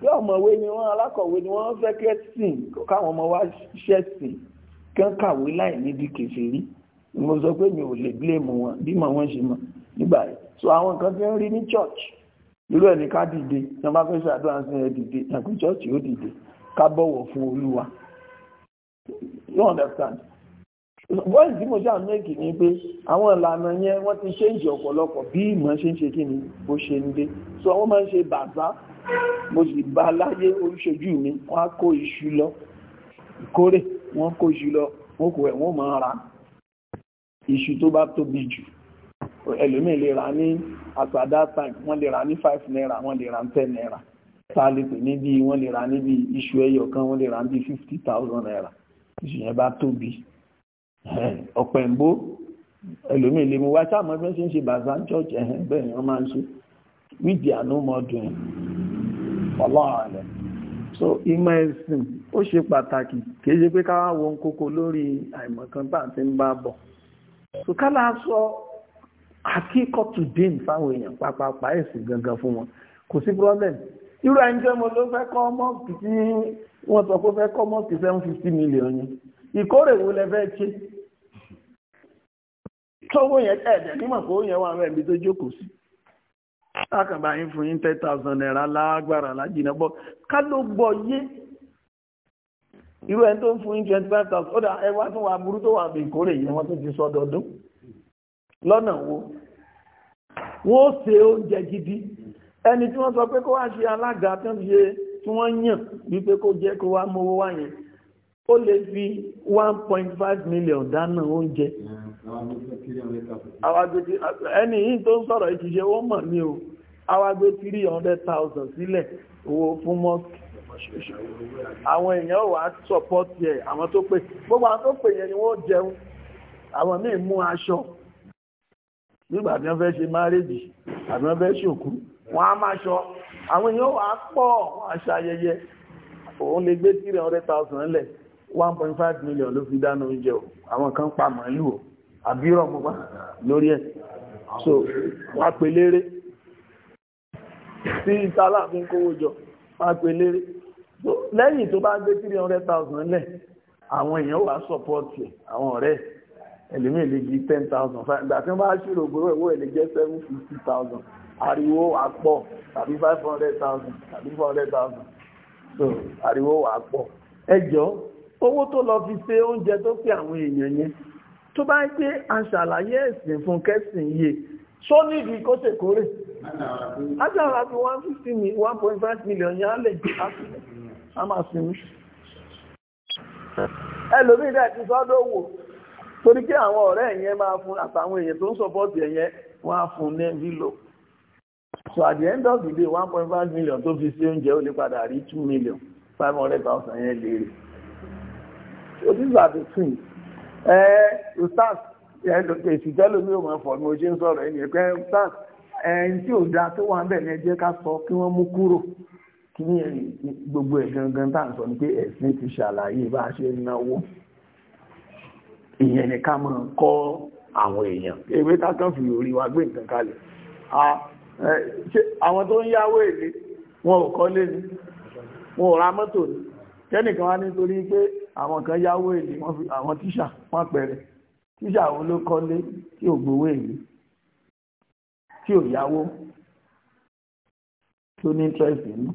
bí ọ̀mọ̀wé ni wọ́n alákọ̀wé ni wọ́n fẹ́ kẹ́sìn káwọn ọmọ wa ṣẹ̀sìn kán kàwé láì níbi kèfèrí mo sọ pé mi ò lè blame wọn bí mọ̀ wọ́n ṣe mọ̀ nígbà yẹn so àwọn nǹkan tí ń rí ní church irú ẹ̀ ní ká dìde tí wọ́n bá fẹ́ ṣàdúrà sí ẹ dìde ẹ̀kú church ó dìde ká bọ̀wọ̀ fún olúwa you understand wọ́n tí mo ṣáà mẹ́kì ni pé àwọn ìlànà yẹn wọ́n ti ṣe ìṣe ọ̀pọ̀lọpọ̀ bí ìmọ̀ ṣe ń ṣe kí ni bó ṣe ń dé so wọ́n máa ń ṣe bàbá mo sì bá láyé oríṣojú mi wọ́n á kó iṣu lọ ìkórè wọ́n kó iṣu lọ wọ́n kò ẹ̀ wọ́n máa ra iṣu tó bá tóbi jù ẹlòmíì lè rà ní àgbàdá time wọ́n lè rà ní five naira wọ́n lè rà ní ten naira ta níbi wọ́n lè ra níbi iṣu ẹyọ kan wọ́n lè ra níbi fifty naira iṣu bá tóbi ọ̀pẹ̀ǹbó ẹlòmíì lè mú wá sáà mọ́ ṣe ń ṣe bàzá church ẹ̀hẹ́n bẹ́ẹ̀ wọ́n máa ń ṣe wíìdì ànúmọ́dún ọlọ́ọ̀rẹ́ so ìmọ̀ ẹ̀sìn ó ṣe pàtàkì kìí ṣe pé káwá wo kókó lórí àìmọ̀kan bá ti ń bá bọ̀ so sọ akíkọ̀tù dín fáwọn èèyàn pápápá ẹ̀sìn gangan fún wọn kò sí problem irú ẹni tí mo ló fẹ́ kọ́ mọ́ọ̀kì tí wọ́n sọ pé fẹ́ kọ́ mọ́ọ̀kì seven fifty million yẹn ìkórè wo lẹ fẹ́ ṣe tówó yẹn ẹ̀jẹ̀ nímọ̀ kó yẹn wà rẹ̀ ibi tó jókòó sí lákàbà yín fún yín ten thousand naira lágbára lájìnà bọ́ ká ló gbọ́ yé irú ẹni tó ń fún yín twenty five thousand ó dà ẹ wá tún wà burú tó wà bí ìkórè yẹn wọ́n tún ti sọ dọ̀dún lọ́nà wo wọ́n ó ṣe oúnjẹ gidi ẹni tí wọ́n sọ pé kó wá ṣe alága tó ń ṣe tí wọ́n yàn wípé kó jẹ́ kó wá mówó wá yẹn ó lè fi 1.5 million dáná oúnjẹ ẹni yìí tó ń sọ̀rọ̀ ìṣiṣẹ́ ó mọ̀ ní o awágbé 300,000 sílẹ̀ owó fún mọ́sí àwọn èèyàn wà sọpọ́tì ẹ̀ àwọn tó pè gbogbo àwọn tó pè yẹn ni wọ́n jẹun àwọn míì mú aṣọ nígbà tí wọ́n fẹ́ ṣe márèjì àbí wọ́n fẹ́ ṣòkú wọ́n á máa ṣọ àwọn èèyàn wà pọ̀ wọ́n á ṣayẹyẹ òun lè gbé three hundred thousand lẹ̀ one point five million ló fi dáná oúnjẹ o àwọn kan pa màálù o àbí rọ̀mù pa lórí ẹ̀ so wọ́n á pè léré tí ìtàlá fi ń kówó jọ wọ́n á pè léré so lẹ́yìn tó bá gbé three hundred thousand lẹ̀ àwọn èèyàn wà support ẹ̀ àwọn ọ̀rẹ́ ẹ̀lẹ́mì lè di ten thousand five gbà tí wọ́n bá ṣírò gbówó ìwé ẹ̀ lè jẹ́ seven fifty thousand ariwo wà pọ̀ tàbí five hundred thousand tàbí four hundred thousand so ariwo wà pọ̀ ẹjọ́ owó tó lọ fi ṣe oúnjẹ tó pé àwọn èèyàn yẹn tó bá ń pé a ṣàlàyé ẹ̀sìn fún kẹ́sìn yìí só nídìí kó ṣe kórè ajára bí one fifty one point five million yẹn á lè jẹ́ àtúnṣe a máa sinmi ẹlòmíì dẹ̀ ti sọ́dọ̀ wò torí pé àwọn ọ̀rẹ́ yẹn máa fún àtàwọn èèyàn tó ń sọ́pọ́ọ̀tì ẹ̀yẹn wọ́n á fún ní envelope so at the end of the day 1.5 million tó fi sí oúnjẹ ó lè padà rí two million five yẹn léèrè so these are the things ẹ ustaz èsì tẹ́lẹ̀ mi ò mọ̀ fọ́ mi ò ṣe ń sọ̀rọ̀ sọ kí wọ́n mú kúrò kí gbogbo ẹ̀ gangan tá à ń sọ ni pé ẹ̀sìn ti ṣàlàyé bá a ṣe náwó ìyẹn ni ká máa kọ́ àwọn èèyàn ewé tá àwọn tó ń yáwó èlé wọn ò kọ́lé ni wọn ò ra mọ́tò ni kẹ́nìkan wá nítorí pé àwọn kan yáwó èlé àwọn tíṣà wọ́n pẹ̀rẹ̀ tíṣà wọn ló kọ́lé tí ò gbowó èlé tí ò yáwó tó ní interest nínú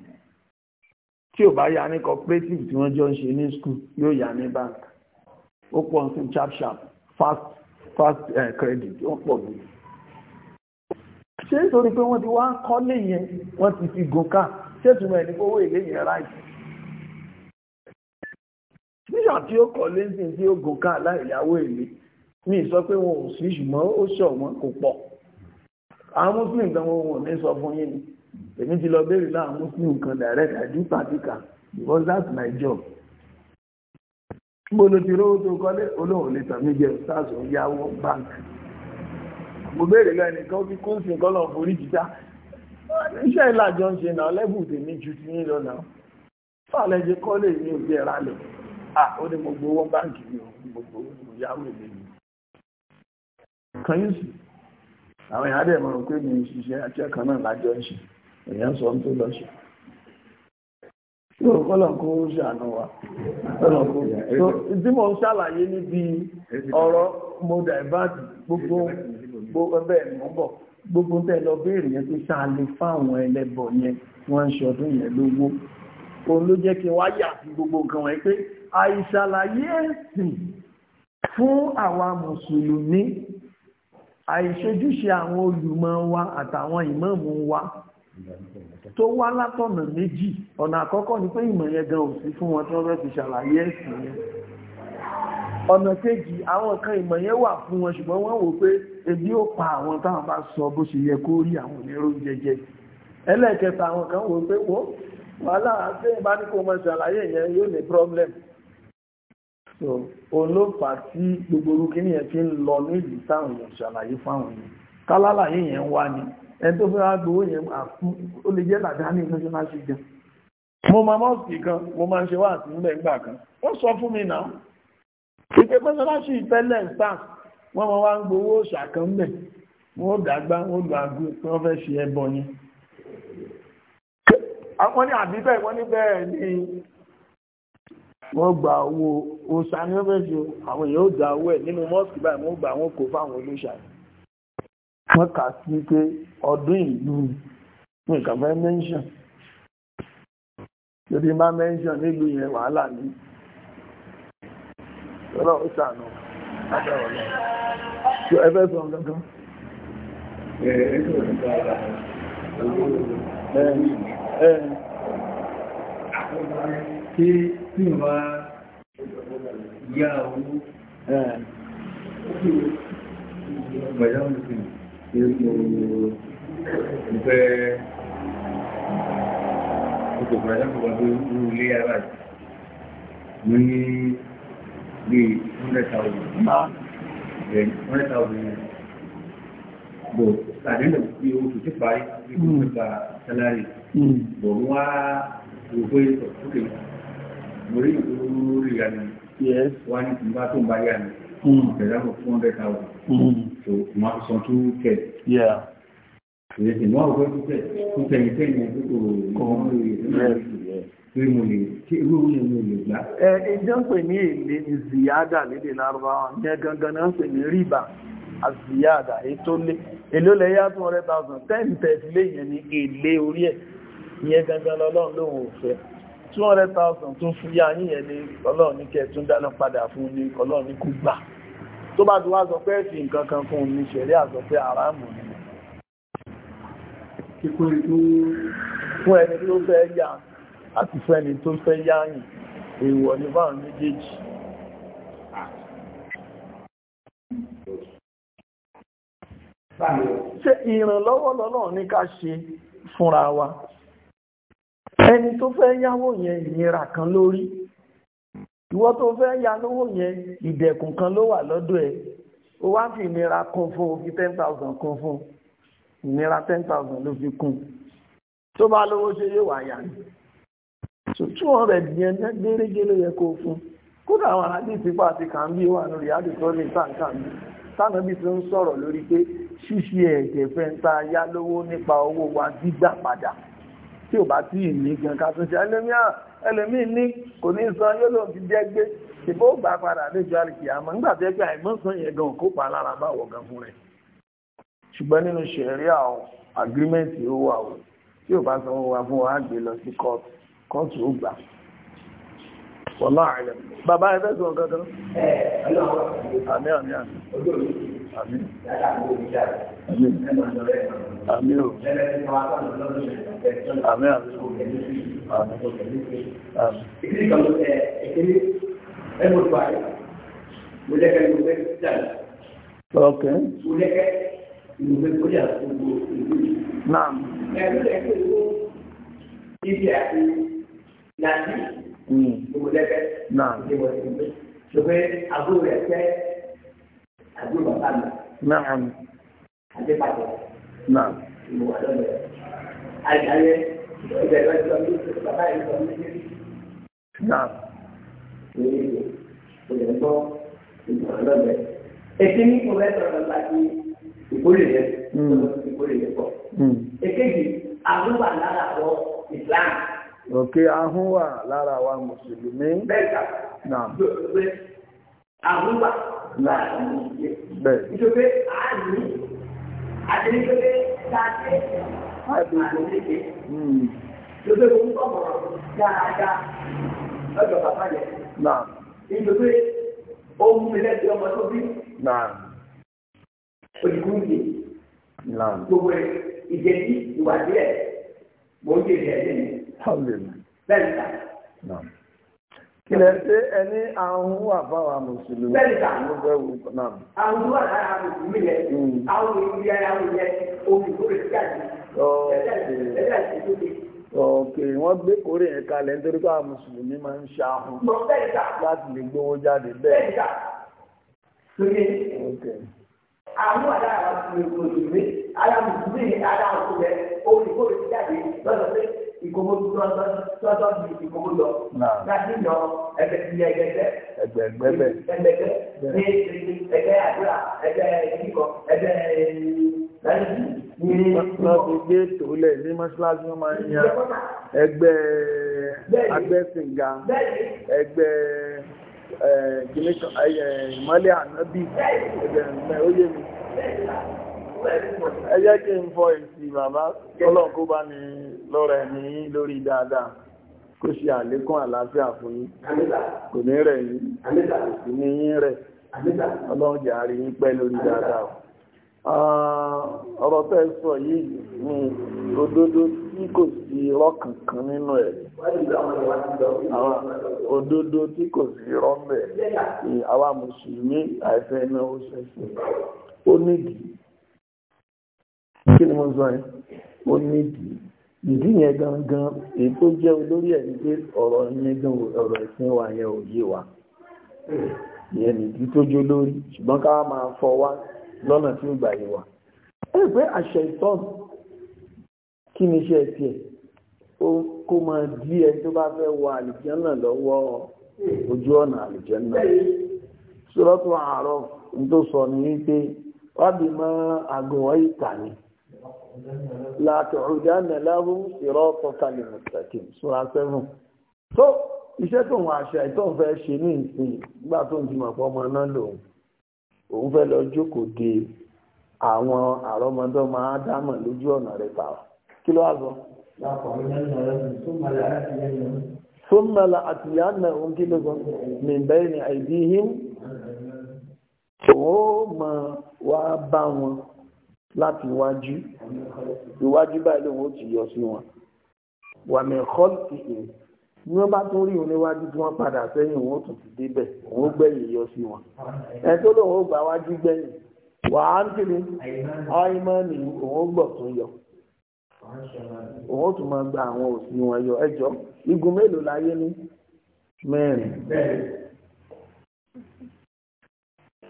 tí ò bá yá ní cooperative tí wọ́n jọ ń ṣe ní school yóò yá ní bank ó pọ̀ sí sharp fast fast eh, credit ó pọ̀ gidi ṣé torí pé wọ́n ti wá kọ́lé yẹn wọ́n ti fi gùn ká ṣé túnmọ̀ ẹ̀ ní owó èlé yẹn ráìtì nígbà tí ó kọ́lé sí tí ó gùn ká láìyáwó èlé mi sọ pé wọn ò sí ṣùgbọ́n ó ṣọ̀ wọ́n kò pọ̀ àwọn muslim kan wọn ò ní sọ fún yín ni èmi ti lọ béèrè láwọn muslim kan direct i do practical because that's my job gbọ́dọ̀ ti rówó tó kọ́lé olóhùn lè tàbí jẹ́ stars òun yáwó bank mo béèrè lọ ẹnìkan kí kó sì kọ́ lọ forí jìjà iṣẹ́ ìlàjọ ń ṣe náà lẹ́bù tèmi ju ti yín lọ náà fàlẹ́ jẹ kọ́ lè ní òbí ẹ̀rá lẹ̀ à ó ní mo gbowó báǹkì mi ò gbogbo mo yáwó èlé mi kan yóò sì àwọn èèyàn dẹ̀ mọ̀ràn pé mi ṣiṣẹ́ ajẹ́ kan náà lájọ ń ṣe èèyàn sọ tó lọ ṣe yóò kọ́lọ̀ kó ṣàánú wa kọ́lọ̀ kó tí mo ń ṣàlàyé níbi ọ̀rọ̀ mo dàbàtì gbogbo bẹ́ẹ̀ ni wọ́n bọ̀ gbogbo tẹ́ lọ béèrè yẹn pé ṣáà lè fáwọn ẹlẹ́bọ̀ yẹn wọ́n ń ṣọdún yẹn lówó òun ló jẹ́ kí wá yà sí gbogbo nǹkan wọ̀nyí pé àìṣàlàyé ẹ̀sìn fún àwa mùsùlùmí àìṣojúṣe àwọn olùmọ̀ wa àtàwọn ìmáàmù wa tó wá látọ̀nà méjì ọ̀nà àkọ́kọ́ ni pé ìmọ̀ yẹn gan ò sí fún wọn tí wọ́n fẹ́ fi ṣàlàyé ẹ̀sìn yẹn ọ̀nà kejì àwọn kan ìmọ̀ yẹn wà fún wọn ṣùgbọ́n wọ́n wò pé ebi ó pa àwọn táwọn bá sọ bó ṣe yẹ kó rí àwọn onírò jẹjẹ ẹlẹ́ẹ̀kẹta àwọn kan wò pé wọ́n wàhálà àti ìbá ní kó mọ ṣàlàyé yẹn yóò ní problem so olófà tí gbogbo orúkí nìyẹn fi ń lọ ní ìlú táwọn èèyàn ṣàlàyé fáwọn èèyàn kálálàyé yẹn wá ni ẹni tó fẹ́ wá gbowó yẹn àfún ó lè jẹ́ dàdá ní national ṣìgàn mo máa mọ́ọ̀sì kan mo máa ń ṣe wá àtúnlẹ̀ ńgbà kan wọ́n sọ fún mi náà ìpè pẹ́sọ́nà ṣì tẹ́lẹ̀ ń wọ́n mọ́ wá ń gbowó òṣà kan mẹ́ wọ́n dàgbà wọ́n lu àgbo pé wọ́n fẹ́ ṣe ẹbọ yẹn wọ́n ní àbí bẹ́ẹ̀ wọ́n ní bẹ́ẹ̀ ni wọ́n gba owó òṣà ní wọ́n fẹ́ ṣe àwọn èèyàn ó dá owó ẹ̀ nínú mọ́ọ̀sì báyìí wọ́n gbà wọ́n kó fáwọn olóṣà wọ́n kà sí pé ọdún ìlú nǹkan fẹ́ mẹ́ńṣàn lórí máa mẹ́ńṣàn nílùú yẹn wàhálà ní ọlọ́ọ̀ṣà náà tó ẹfẹ́ sọ ọ̀gọ́gán kí tí wá yá owó pẹ̀lú ìsìn ètò ìfẹ́ ètò pẹ̀lú ìpàdé ilé aláàjì ní bí 100,000 ẹgbẹ̀rún one thousand naira bò tàbí nà bí oṣù tí parí bí kò tó gba sálárì bò ń wá wò pé òkè mo rí ìlú rí ya ni wá ní kí n bá tó ń bá yà ni ìgbẹ̀dá mọ̀ two hundred hmm. yeah so mo á san two kẹ̀ ìrètí mo á rò pé two kẹ̀ two kẹ̀ yìí tẹ̀yìn ẹ̀ tó kò rò ó pé mo lè kí irú oúnjẹ mi ò lè gbá. ẹ ìjọ ń pè ní èlé ní ziyada lédè lárúbáwá yẹn gangan náà ń pè ní rìbá àziyada ètò lé èlò lẹ́yà two hundred thousand ten tẹ̀sí lé yẹn ní èlé orí ẹ̀ yẹn gangan lọ́lọ́run lòun ò fẹ́ two hundred thousand tó fún yá yín yẹn ní ọlọ́run ní kẹ́ tún dáná padà fún ní ọlọ́run ní kú gbà tó bá ti wá sọ pé ẹ̀sìn nǹkan kan fún un ṣẹ̀rí àsọ pé àrámù ni. kíkó ètò fún ẹni tó fẹ́ yá àti fẹ́ni tó fẹ́ yáyìn èèwọ̀ ní báwọn méjèèjì ṣe ìrànlọ́wọ́ lọ́lọ́run ní ká ṣe fúnra wa ẹni tó fẹ́ yáwó yẹn ìnira kan lórí ìwọ tó fẹ́ yá lówó yẹn ìdẹ̀kùn kan ló wà lọ́dọ̀ ẹ̀ ó wá fi ìnira kún fún fi ten kún fún ìnira ten ló fi kún tó bá lówó ṣe yóò wá yá ni two hundred yẹn gẹ́gẹ́ ló yẹ kó fún kódà àwọn aládìsí pa àti kàmbí wà lórí àdìsọ́ ní sàǹkàmbí tánàbí ti ń sọ̀rọ̀ lórí pé ṣíṣe ẹ̀jẹ̀ fẹ́ ń ta yá lówó nípa owó wa dígbà padà tí ò bá tí ì ní gan ká tún ṣe ẹlẹ́mí ní kò ní san yóò lóun ti jẹ́ gbé ìbò gbà padà lójú àlìkì àmọ́ nígbà tó yẹ pé àìmọ́sán yẹn gan kópa lára bá wọ̀ gan fún rẹ̀ ṣùgbọ́n nínú ṣẹ̀rí àwọn agreement ó wà o tí ò bá sanwó wa fún wa á gbé lọ sí kóòtù kọ́ọ̀tù ó gbà wọ́lá àìlẹ̀ bàbá ẹgbẹ́ tó gọ́gọ́ àmì àmì àmì àmì ò àmì àmì Ok. Naam. Ibi àti láti ìmọ̀lẹ́fẹ́ ìmọ̀lẹ́fẹ́ ṣùgbọ́n àbúrò rẹ̀ fẹ́ àbúrò bàbá mi. àti pàtó ìmọ̀ àlọ́lẹ̀ àgbáyé ìbẹ̀rẹ̀ lọ́jọ́ ní bàbá yìí sọ ní kiri. èyí kò lè gbọ́ ìmọ̀ àlọ́lẹ̀. ètí ní kò rẹ̀ sọ̀rọ̀ láti ìkórè rẹ̀ ìkórè rẹ̀ pọ̀. èkejì àbúrò àlára àwọn ìsìláàmù òkè ahun wà lára wa mùsùlùmí Ìjọba ìgbòmọ̀ hmm. dáadáa lọ́jọ́ bàbá yẹn. Ìjọba ohun ẹlẹ́gbẹ́ ọmọ tó bí. Olùkú ń yè. Gbogbo ìjẹ̀dí ìwà díẹ̀, mò ń jèrè ẹ̀jẹ̀ mi bẹ́ẹ̀ta. Ilẹ̀ ṣe ẹni àrùn wà báwa Mùsùlùmí. Bẹ́ẹ̀ta. Àrùn wà lára Mùsùlùmí yẹn. Àwọn ìlú yára wọn yẹn, olùkó rẹ̀ sí àjẹ́. Ẹ̀dá ìṣèjú mi. Ọ̀kẹ́ wọ́n gbé kórè yẹn kalẹ̀ nítorí pé àwọn Mùsùlùmí máa ń ṣahun. Bẹ́ẹ̀ta. Láti lè gbówó jáde bẹ́ẹ̀. Bẹ́ẹ̀ta. Sori. Àwọn àdára Mùsùlùmí, àdára Mùsùlùmí, àdára Mùsùlùmí, olùkó rẹ̀ sí àjẹ́ lọ́sọ̀ọ́sẹ́ ìkòmótò tọ́tọ́ di ìkòmótò láti yọ ẹgbẹ̀tẹ̀ ẹgbẹ̀gbẹ̀ ẹgbẹ̀gbẹ̀ ní ẹgbẹ̀ àdúrà ẹgbẹ̀ ìdíkọ̀ ẹgbẹ̀ lẹ́yìn ní. lọ́ọ̀bù gbé tòlẹ̀ ní mọ́ṣáláṣí wọn máa ń yan ẹgbẹ́ agbẹ́sìngà ẹgbẹ́ ìmọ̀lẹ́ ànábì ẹgbẹ́ oyè mi. ẹ jẹ́ kí n fọ èsì bàbá ọlọ́run kó bá ní. lọ́rọ̀ ẹ̀mí yín lórí dáadáa kó ṣe àlékún àlàáfíà fún yín kò ní rẹ̀ yín kò sí ní rẹ̀ ọlọ́run jẹ́ àrí pẹ́ lórí dáadáa ọ̀rọ̀ tẹ́ sọ yìí ní òdodo tí kò sí kankan nínú ẹ̀ òdodo tí kò sí àwa mùsùlùmí àìfẹ́ iná ó ìdí yẹn gangan èyí tó jẹ́ olórí ẹ̀ ní pé ọ̀rọ̀ yẹn gan ọ̀rọ̀ wa yẹn ò wa ìyẹn nìdí tó lórí ṣùgbọ́n ká máa fọ wá lọ́nà tí ó gbà wa ẹ pé àṣẹ ìtọ́nù kí ni iṣẹ́ kó máa dí ẹ tó bá fẹ́ wọ àlùjànnà lọ́wọ́ ojú ọ̀nà ń tó sọ wípé wábìí mọ́ látọ̀ọ̀dánà láhùn ìrọ́pọ̀ta lè mọ̀tàkì sura 7 tó iṣẹ́ tó wọn àṣà ìtọ́n fẹ́ ṣe ní ìsìn nígbà tó ń ti mọ̀ pọ́mọ náà lòun òun fẹ́ lọ jókòó de àwọn àrọ́mọdọ́mọ ádámọ̀ lójú ọ̀nà rẹ̀ tààrà kí ló wá sọ. ثم لأتينهم كلهم من بين أيديهم وما وابا wọn láti iwájú iwájú báyìí lòun ó ti yọ sí wọn wàmí kọ́ọ̀tì yìí bí wọ́n bá tún rí òun níwájú tí wọ́n padà sẹ́yìn òun ó tún ti débẹ̀ òun ó gbẹ̀yìn yọ sí wọn ẹ tó lòun ó gbà wájú gbẹ̀yìn wà á ń tìrì ọ́ìmọ́nì òun ó gbọ̀ tún yọ òun ó tún máa gba àwọn òsì wọn yọ ẹjọ́ igun mélòó láyé ní mẹ́rin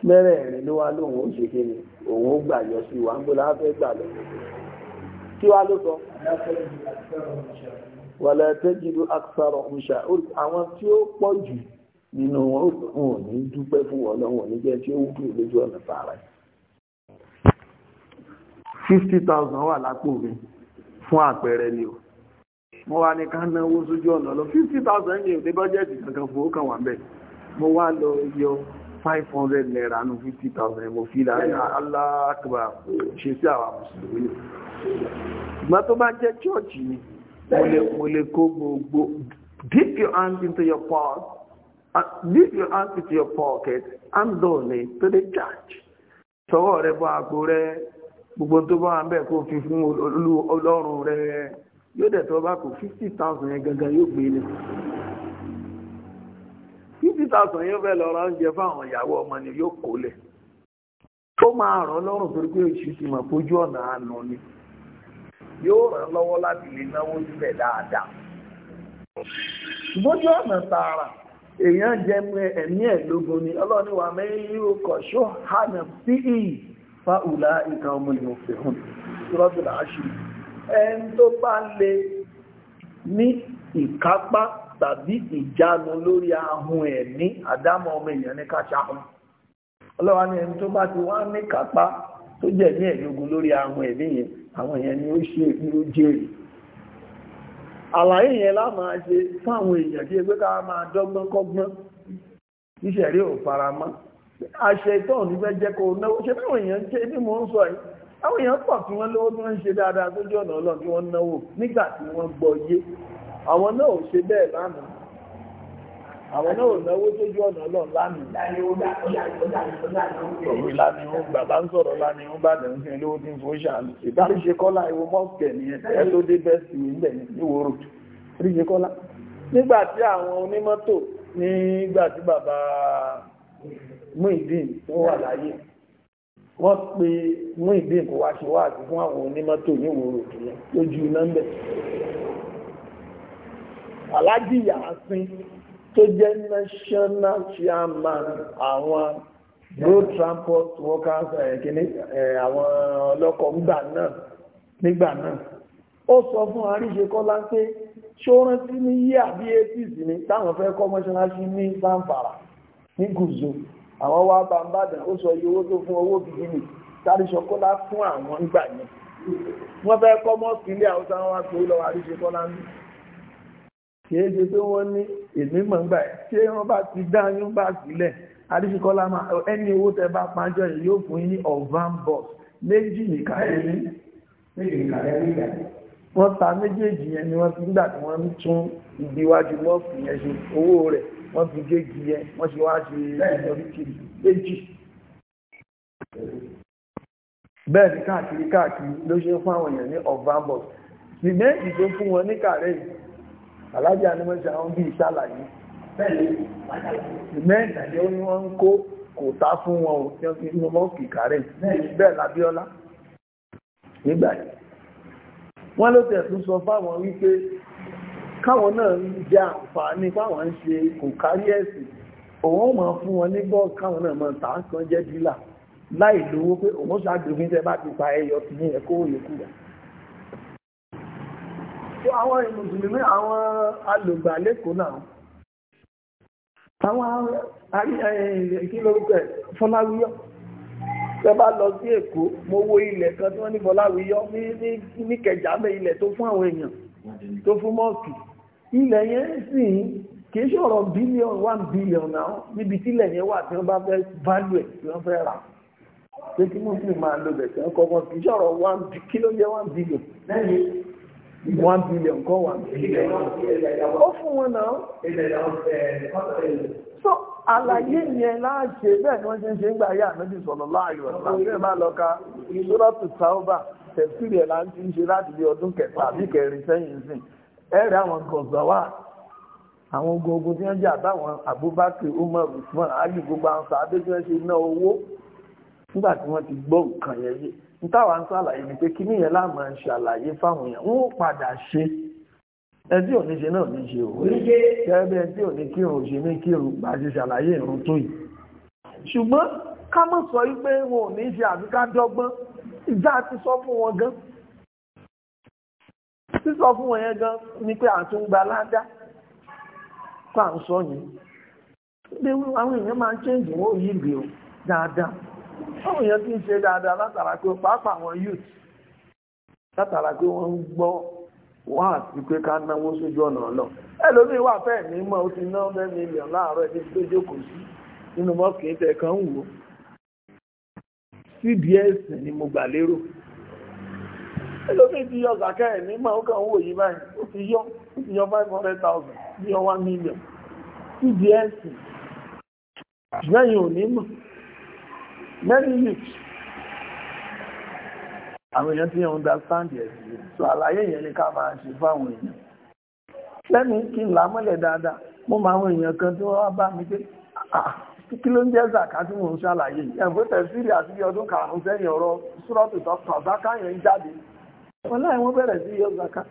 mẹ́rẹ̀ẹ̀rin ló wá lóun ó ṣe kí ni òun ó gbà yọ sí wa ń bó láfẹ́ gbà lọ kí wá ló sọ wàlẹ̀ tẹ́jìlú aksarọ̀ ǹṣà àwọn tí ó pọ̀ jù nínú wọn ò ní dúpẹ́ fún wọn lọ́wọ́ ní jẹ́ tí ó wúkú lójú ọ̀nà tààrà 50,000 wà lápò mi fún àpẹẹrẹ ni o mo wá ní ká náwó sójú ọ̀nà lọ 50,000 ní òdé bọ́jẹ́tì kankan fún ó kàn wà bẹ́ẹ̀ mo wá lọ yọ five hundred naira nù fifty thousand mo fi láàrin aláàkàbà ṣe sí àwọn mùsùlùmí ni ìgbà tó bá jẹ́ chọ́ọ̀chì ni mo lè kó gbogbo dip your hand into your pocket uh, dip your hand into your pocket and donate to the church sọwọ́ rẹ bọ́ àpò rẹ gbogbo tó bá wà ń bẹ̀ kó fi fún ọlọ́run rẹ yóò dẹ̀ tó bá kó fifty thousand yẹn gangan yóò gbé ni. fifty thousand yóò fẹ́ lọ oúnjẹ fáwọn ìyàwó ọmọ ni yóò kó lẹ̀ tó máa ràn lọ́rùn torí pé oṣù ti mọ̀ fojú ọ̀nà àánú ni yóò ràn lọ́wọ́ láti lè náwó sílẹ̀ dáadáa bójú ọ̀nà tààrà èèyàn jẹ ẹ̀mí ẹ̀ lógun ni ọlọ́ni wà mẹ́rin yóò kọ̀ ṣó hànà sí ìyí fa ùlà ìkan ọmọ ìlú fẹ̀hùn rọ́bìlà aṣù ẹni tó bá lè ní ìkápá tàbí ìjánu lórí ahun ẹ̀mí àdámọ̀ ọmọ èèyàn ní káṣáhùn ọlọ́wà ní ẹni tó bá ti wá ní kápá tó jẹ́ ní ẹ̀yógun lórí ahun ẹ̀mí yẹn àwọn èèyàn ni ó ṣe ìró jèrè àlàyé yẹn lá ṣe fáwọn èèyàn kí ẹgbẹ́ ká máa dọ́gbọ́n kọ́gbọ́n ìṣẹ̀rí ò fara mọ́ àṣẹ ìtọ́ nígbẹ́ jẹ́ kó náwó ṣe báwọn èèyàn ṣe ní mò ń sọ yìí àwọn èèyàn pọ̀ tí wọ́n lówó tí wọ́n ń ṣe dáadáa tó jẹ́ ọ̀nà ọlọ́run tí wọ́n náwó nígbà tí wọ́n gbọ́ yé àwọn náà ò ṣe bẹ́ẹ̀ lánàá àwọn náà ò náwó sójú ọ̀nà ọlọ́run lánàá òwe lánàá ó bàbá ń sọ̀rọ̀ lánàá ó bá dẹ̀ ń sin lówó tí ń fowó ṣàánú ìdáríṣe kọ́lá ìwọ mọ́ọ̀kẹ́ nìyẹn ẹ tó dé bẹ́ẹ̀sì níbẹ̀ níwòrò ríṣe kọ́lá nígbà tí àwọn onímọ́tò nígbà tí bàbá Muyideen tó wà láyé wọ́n pe Muyideen kó wá ṣe wáàsí fún àwọn onímọ́tò níwòrò lójú nọ́mbẹ̀ alájì yàásín tó jẹ́ national chairman àwọn road transport workers eh, kìíní eh, àwọn ọlọ́kọ̀ ńgbà náà nígbà náà ó sọ fún àríṣe kọ́lá pé ṣó rántí ní yí àbí 80s ni táwọn fẹ́ kọ́ mọ́ṣáláṣí ní sanfara ní gùzò àwọn wá bá ń bàdàn ó sọ iye owó tó fún owó gidi nì sáré ṣọkọ́lá fún àwọn ìgbà yẹn wọ́n fẹ́ kọ́ mọ́ọ̀sì ilé haúsá àríṣe kọ́lá ní kìí ṣe pé wọ́n ní èmi mọ̀ nígbà ṣé wọ́n bá ti dá yín bá sílẹ̀ adéṣekọ́lá máa ẹni owó tẹ bá pàjọ yìí yóò fún yín ọ̀ván bus méjì nìka ẹni wọ́n ta méjèèjì yẹn ni wọ́n fi ń gbà tí wọ́n ń tún ibi iwájú mọ́ọ̀fù yẹn ṣe owó rẹ̀ wọ́n fi géègì yẹn wọ́n ṣe wá ṣe ìyọríkiri méjì bẹ́ẹ̀ ni káàkiri káàkiri ló ṣe fún àwọn èèyàn ní ọ̀ván bus sì méjì tó fún wọn ní kàrẹ́ alájà ni wọ́n ṣe àwọn bí ìṣàlàyé mẹ́ta ni ó ní wọ́n ń kó kò tá fún wọn ò tí wọ́n fi ń mọ́ kìkà rẹ̀ bẹ́ẹ̀ lábíọ́lá nígbà yìí wọ́n ló tẹ̀ tún sọ fáwọn wípé káwọn náà ń jẹ àǹfààní fáwọn ń ṣe kò kárí ẹ̀sìn òun mọ̀ fún wọn ní bọ́ọ̀ káwọn náà mọ̀ tà ń kan jẹ́ dílà láì lówó pé òun ṣàgbégbé tẹ bá ti pa ẹyọ ti ní ẹ̀kọ́ òyìnkú tó àwọn mùsùlùmí àwọn alògbà lẹ́kọ̀ọ́ náà àwọn kí lórúkọ ẹ̀ fọláwíyọ́ tẹ bá lọ sí èkó mo wo ilẹ̀ kan tí wọ́n ní fọláwíyọ́ ní kẹjà bẹ ilẹ̀ tó fún àwọn èèyàn tó fún mọ́ọ̀kì ilẹ̀ yẹn sì kìí ṣọ̀rọ̀ bílíọ̀n one billion náà níbi tílẹ̀ yẹn wà tí wọ́n bá fẹ́ value ẹ̀ tí wọ́n fẹ́ rà pé kí mùsùlùmí máa lo bẹ̀tẹ̀ ọkọ̀ wọn kìí ṣọ̀rọ̀ one kí ló jẹ́ one one billion kọ́ one billion ó fún wọn náà so àlàyé yẹn láàṣẹ bẹ́ẹ̀ ni wọ́n ṣe ń ṣe ń gbà ayé ànábì sallallahu alaihi wasallam bẹ́ẹ̀ máa lọ ka ìṣúrọ́tù sáúbà tẹ̀sílì ẹ̀ láti ń ṣe láti bí ọdún kẹfà àbí kẹrin sẹ́yìn sìn ẹ̀rẹ̀ àwọn gọ̀ọ̀gọ̀wà àwọn ogun ogun tí wọ́n jà báwọn Abubakar Umar Usman Ali gbogbo àwọn sàádé tí wọ́n ṣe ná owó nígbà tí wọ́n ti gbọ́ nǹkan yẹn yìí nítawà ń sàlàyé ni pé kí ní yẹn láàmà ń ṣàlàyé fáwọn èèyàn wọ́n padà ṣe ẹtí òní ṣe náà ní ṣe òwe gẹ́gẹ́ bí ẹtí òní kírun ṣe ní kírun bá ṣe ṣàlàyé ìrun tó yìí ṣùgbọ́n ká mọ̀ sọ wípé wọn ò ní ṣe àbíká dọ́gbọ́n ìjà ti sọ fún wọn gan sísọ fún wọn yẹn gan ni pé àtúngba ládá tá à ń sọ yìí àwọn èèyàn máa ń ṣèǹdì wọn ò yí o dáadáa táwọn èèyàn ti ń ṣe dáadáa látara pé pàápàá àwọn youth látara pé wọ́n ń gbọ́ wá àti pé ká náwó sójú ọ̀nà lọ ẹlòmíín wà fẹ́ẹ̀ ní mọ́ ó ti ná hundred million láàárọ̀ ẹni tó jókòó sí nínú mọ́ọ̀kì tẹ̀ kan ń wò cds ni mo gbà lérò ẹlòmíín ti yọ sàkẹ́ ẹ̀ ní mọ́ ó kàn ń wò yí báyìí ó ti yọ ó ti yọ five hundred thousand yọ one million cds ṣùgbọ́n yìí ò ní mọ̀. many youths àwọn èèyàn ti understand yẹn so àlàyé yẹn ni ká máa ṣe fáwọn èèyàn lẹ́nu kí n là dáadáa mo máa àwọn èèyàn kan tí wọ́n wá bá mi pé ah, ah, kí ló ń jẹ́ zaka tí mò ń ṣàlàyé ẹ̀fọ́ tẹ̀síìlì àti bí ọdún karùn-ún sẹ́yìn ọ̀rọ̀ súrọ́tù tó pàzákà yẹn jáde wọn láì wọ́n bẹ̀rẹ̀ sí zaka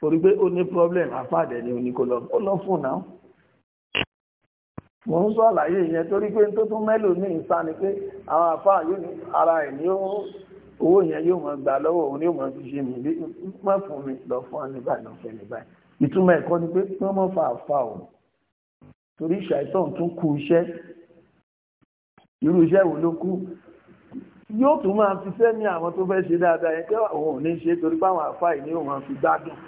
torí pé ó ní problem àfáàdẹ̀ ni oníkólọ́ ó lọ fún náà mo ń sọ àlàyé yẹn torí pé tó tún mẹ́lò ní ìsá ni pé àwọn àfáà yóò ní ara ẹ̀ ní owó yẹn yóò mọ̀ gbà lọ́wọ́ òun yóò mọ̀ fi ṣe mí mọ̀ fún mi lọ fún ọ nígbà náà fẹ́ nígbà ìtumọ̀ ẹ̀kọ́ ni pé kí wọ́n mọ̀ fa àfa o torí ṣàìsàn tún kù iṣẹ́ irú iṣẹ́ wo ló kú yóò tún máa fi sẹ́ni àwọn tó fẹ́ ṣe dáadáa yẹn kí àwọn ò ní ṣe torí pé àwọn àfáà yìí ni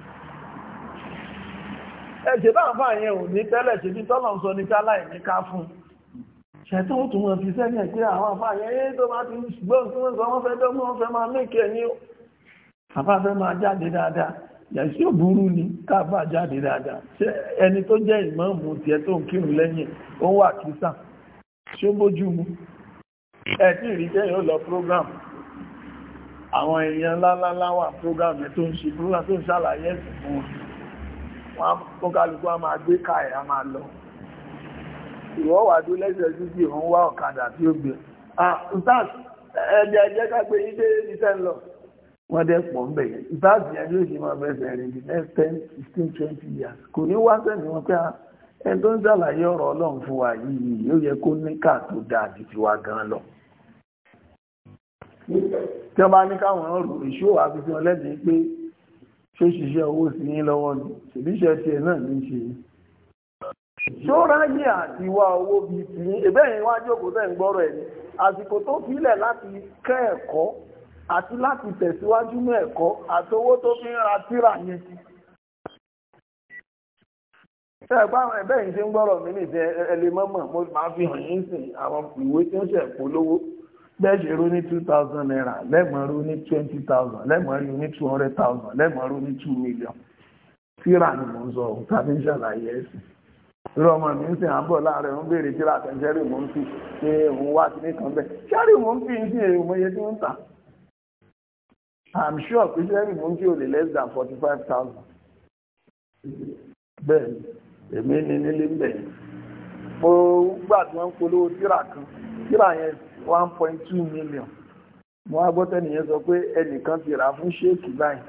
ẹ̀ṣẹ̀ bá fà yẹn ò ní tẹ́lẹ̀ ṣe bí tọ́lọ̀n sọ ní kálá ìníká fún ṣẹ̀tún ó tún fi sẹ́ni pé àwọn àfà yẹn yé tó bá ti gbọ́n tí wọ́n fẹ́ dọ́gbọ́n fẹ́ máa lékẹ́ ní àfà máa jáde dáadáa yẹ̀sí ò burú ni káàbà jáde dáadáa àwọn èèyàn ńláńlá wà program tó ń ṣe program tó ń ṣàlàyé ẹ̀sìn fún wọn wọ́n kálukú a máa gbé káẹ̀ a máa lọ ìwọ́ wà tó lẹ́sẹ̀ títí òun wá ọ̀kadà tí ó gbé ẹ̀jẹ̀ ẹ̀jẹ̀ ká gbé ilé iṣẹ́ ń lọ wọ́n dẹ́ pọ̀ ń bẹ̀yẹ̀ ìbáàbí ẹni yóò ṣe máa bẹ̀rẹ̀ rìn the next ten fifteen twenty years kò ní wá sẹ́ni wọn pé ah, ẹni tó ń ṣàlàyé ọ̀rọ̀ ọlọ́run fún wa yìí yóò yẹ kó ní káà tó dáa ju tiwa gan lọ tí wọ́n bá ní káwọn ọ̀rọ̀ ìṣó àfihàn lẹ́sìn pé tí ó ṣiṣẹ́ owó sí yín lọ́wọ́ ní ṣèbíṣẹ́ ti ẹ̀ náà ní ṣe ṣó ráyè àti wá owó bíi ti yín ẹ̀bẹ́yìn wájú òkú tẹ́ ń gbọ́rọ̀ ẹ̀ ní àsìkò tó filẹ̀ láti kẹ́ ẹ̀kọ́ àti láti tẹ̀síwájú ní ẹ̀kọ́ àtowó tó fi ń ra tíra yẹn ẹ̀bẹ́yìn ṣe ń gbọ́rọ̀ mi nìjẹ́ ẹlẹ́mọ́mọ́ mo máa fi hàn yín sìn àwọn ìwé tí ó ṣẹ̀ polówó bẹ́ẹ̀ṣẹ̀ ró ní two thousand naira lẹ́gbọ̀n ró ní twenty thousand lẹ́gbọ̀n ró ní two hundred thousand lẹ́gbọ̀n ró ní two million tíra ni mò ń sọ ohun tàbí ń ṣàlàyé ẹ̀sìn irú ọmọ mi ń sìn àbọ̀ láàárẹ̀ ń béèrè tíra kan ṣẹ́rì mò ń fi ṣe òun wá sí nìkan bẹ́ẹ̀ ṣẹ́rì mò ń fi ń sìn èrò mọ́yẹ tí ń tà i'm sure pé ṣẹ́rì mò ń fi olè less than forty five thousand bẹ́ẹ̀ èmi ni nílé ń mo gbà tí wọ́n polówó tíra kan tíra yẹn one point two million mo wá gbọ́tẹ́ nìyẹn sọ pé ẹnìkan ti rà fún ṣéèkì báyìí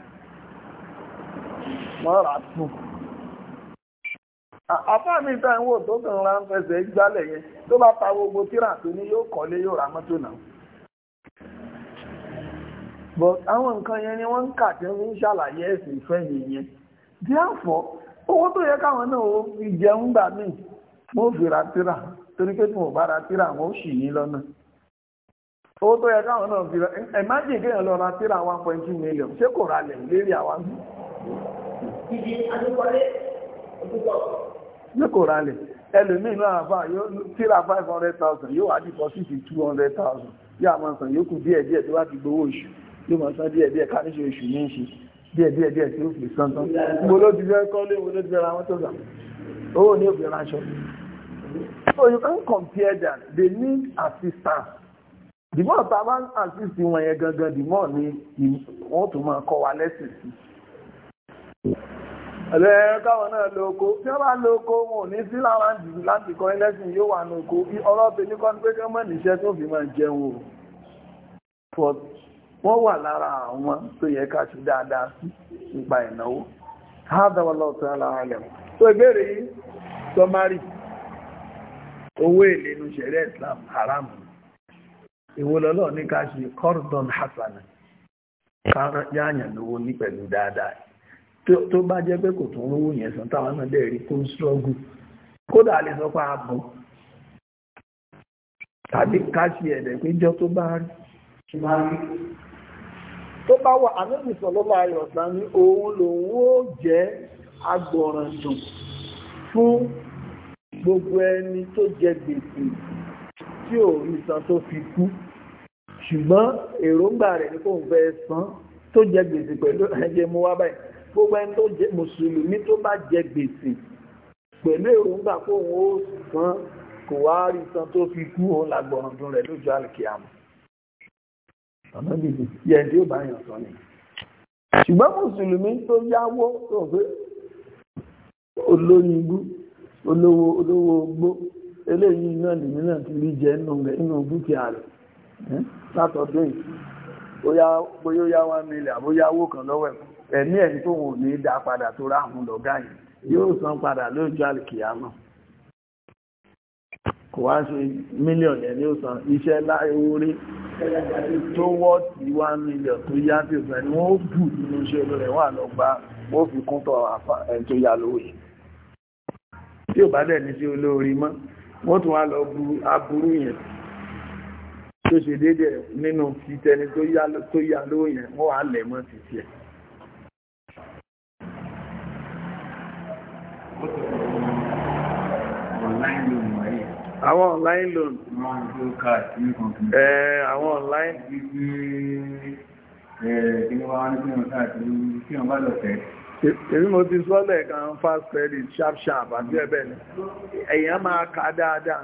wọ́n rà fún àpá mi ta ìwò tó kàn ra ń fẹsẹ̀ gbálẹ̀ yẹn tó gbogbo tíra tó ní yóò kọ́lé yóò ra mọ́tò náà but àwọn nǹkan yẹn ni wọ́n ń kà tí wọ́n ń ṣàlàyé ẹ̀sìn ìfẹ́ nìyẹn therefore owó tó yẹ káwọn náà ó fi jẹun gbà míì wọ́n fi ra tíra torí pé tí wọ́n bá ra tíra wọ́n ó ṣì lọ́nà owó tó yẹ káwọn náà fi rẹ imagine kéèyàn lọ ra tíra one point two million ṣé kò ralẹ̀ lérí àwa mi. ìdí adúgbòlé òkúkọ. ṣé kò ralẹ̀ ẹlòmíì náà àfa yóò tíra five hundred thousand yóò wá dìbò sí ti two hundred thousand yóò máa san yókù díẹ̀ díẹ̀ tó bá ti gbowó oṣù yóò máa san díẹ̀ díẹ̀ káníṣe oṣù ní í ṣe díẹ̀ díẹ̀ díẹ̀ tí ó fi san tán. mo ló ti fẹ́ kọ́ lé mo ló ti fẹ́ ra wọn tó gbà owó ní òbí ránṣọ. So you can compare that they need assistance dìmọ́ ta bá ń àṣìṣì wọn yẹn gangan dìmọ́ ni wọ́n tún máa kọ́ wa lẹ́sìn sí ẹ̀lẹ́ káwọn náà lo oko tí wọ́n bá lo oko wọn ò ní sí láwọn jù láti kọ́ ẹlẹ́sìn yóò wà ní oko ọ̀rọ̀ tó ní kọ́ ní pé kí wọ́n mọ̀ níṣẹ́ tó fi máa jẹun o wọ́n wà lára àwọn tó yẹ ká ṣe dáadáa sí nípa ìnáwó hádàwọlọ́ tó alára rẹ̀ tó ìbéèrè yìí sọmárì owó èlé nu ṣẹ̀rẹ́ Islam haram ni ìwòlọ́lọ́ ní ká kọ́rọ̀dọ̀n hasana yáàyàn lówó ní pẹ̀lú dáadáa tó bá jẹ́ pé kò tún rówó yẹn san táwọn náà dẹ̀ rí tó ṣọ́gù kódà lè sọ pé ààbò tàbí ká ṣe ẹ̀dẹ̀ péjọ tó bá rí tó bá wà ànábì sallallahu alaihi wasallam ní òun lòun ó jẹ́ fún gbogbo ẹni tó jẹ gbèsè tí ò rí tó fi kú. ṣùgbọ́n èròǹgbà rẹ̀ ní kò ń fẹ́ san tó jẹ gbèsè pẹ̀lú ẹjẹ́ mú wá báyìí gbogbo ẹni tó jẹ mùsùlùmí tó bá jẹ gbèsè pẹ̀lú èròǹgbà kó òun ó san kò wá rí san tó fi kú òun làgbọ̀rọ̀dún rẹ̀ lójú àlùkìyàmù ọ̀nà gbèsè yẹ tí ó bá yàn sọ ni ṣùgbọ́n mùsùlùmí tó yáwó tó fẹ́ olóyìnbó olówó olówó gbó eléyìí náà lèmi náà ti rí jẹ nínú dúkìá rẹ̀ látọ̀dọ̀ yìí bóyá yá wá mílẹ̀ àbóyá owó kan lọ́wọ́ ẹ̀mí ẹ̀mí tó wò ní dá padà tó rá àwọn lọ́gá yìí yóò san padà lójú àlìkìyàmọ́ kò wá ṣe mílíọ̀nù ẹ̀ ní ó san iṣẹ́ láìwórí tó wọ́ọ̀tì wá mílíọ̀nù tó yá sí òfin ẹni wọ́n bù nínú iṣẹ́ olórin wà lọ gba wọ́n fi kún tọ́ ẹni tó yá lówó yìí tí ò bá dẹ̀ ní sí olórin mọ́ wọ́n tún wá lọ bu aburú yẹn tó ṣe déédé nínú ti tẹni tó yá lówó yẹn wọ́n wà lẹ̀ mọ́ ti tiẹ̀. Àwọn online loan. Àwọn online. Èmi mo ti sọ́lẹ̀ kan fast credit sharp sharp àti ẹ̀bẹ̀ ni. Èèyàn máa kà dáadáa.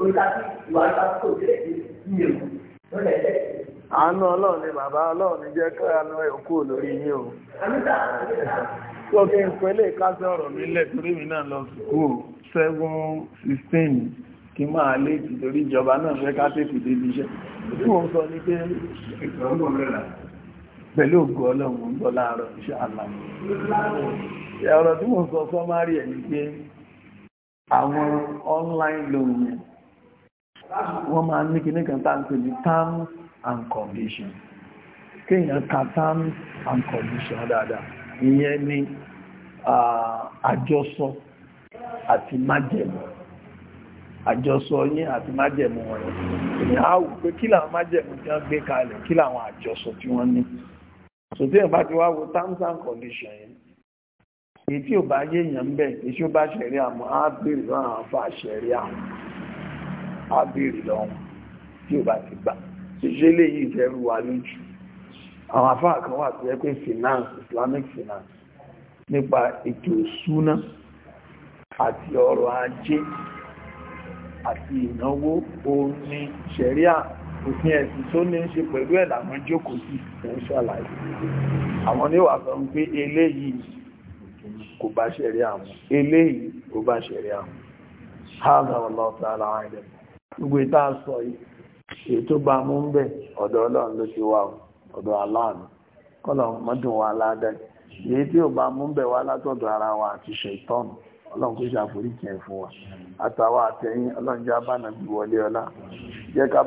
oníkàtí ìwà ìtàkùn tó dé ìyẹn lọ́lẹ̀ ẹ̀ àánú ọlọ́run ni bàbá ọlọ́run ni jẹ́ kí àánú ẹ̀ kú lórí yín o. Lókè ìpínlẹ̀ kásẹ̀ ọ̀rọ̀ mi lẹ̀ torí mi náà lọ sùkúù seven sixteen kí máa lé ti torí ìjọba náà fẹ́ ká tètè débi iṣẹ́. Tí mo sọ ní pé pẹ̀lú ògo ọlọ́run ń bọ̀ láàárọ̀ iṣẹ́ àlàmù. Ọ̀rọ̀ tí mo sọ sọ́márì ẹ̀ ni pé àwọn online loan wọ́n máa ní kìíní kan tá ní terms and conditions kéèyàn ka terms and conditions dáadáa ìyẹn ni àjọsọ àti májẹ̀mú àjọsọ yín àti májẹ̀mú wọn ni a wù pé kí làwọn májẹ̀mú tí wọ́n gbé kalẹ̀ kí làwọn àjọsọ tí wọ́n ní so tí ẹ̀bá ti wá wo terms and conditions yẹn èyí tí ò bá yéèyàn ń bẹ̀ èyí bá ṣẹ̀rí àmọ́ á bèèrè lọ́nà àfa ṣẹ̀rí àmọ́ á béèrè lọ́wọ́ tí ò bá ti gbà ṣíṣe léyìí ìfẹ́rù wa lójú àwọn afáà kan wà tó yẹ pé finance islamic finance nípa ètò ìṣúná àti ọrọ̀ ajé àti ìnáwó òun ni ṣẹ̀ríà òfin ẹ̀sìn tó ní ṣe pẹ̀lú ẹ̀là àwọn jókòó sí ìfún ṣàlàyé àwọn oníwà sọ pé eléyìí kò bá ṣẹ̀ríà mu eléyìí kò bá ṣẹ̀ríà mu hàn àwọn ọlọ́ọ̀tà ara gbogbo ìta sọ yìí tó bá mú ń bẹ̀ ọ̀dọ̀ ọlọ́run ló ti wà ọ̀dọ̀ aláàánú kọ́lọ̀ mọ́dún wa aládá èyí tí ò bá mú ń bẹ̀ wá látọ̀dọ̀ ara wa àti ṣètọ́nù ọlọ́run kó ṣàforí kí ẹ fún wa àtàwọn àtẹ̀yìn ọlọ́run jẹ́ abá wọlé ọlá jẹ́ ká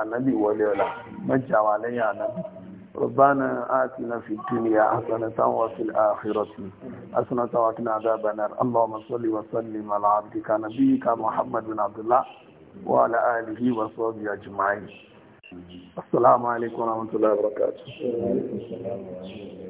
ànábì wọlé ọlá mọ́jà wà lẹ́yìn ànábì ربنا آتنا في الدنيا حسنة وفي الآخرة حسنة وقنا عذاب النار اللهم صل وسلم على عبدك نبيك محمد بن عبد الله وعلى آله وصحبه أجمعين السلام عليكم ورحمة الله وبركاته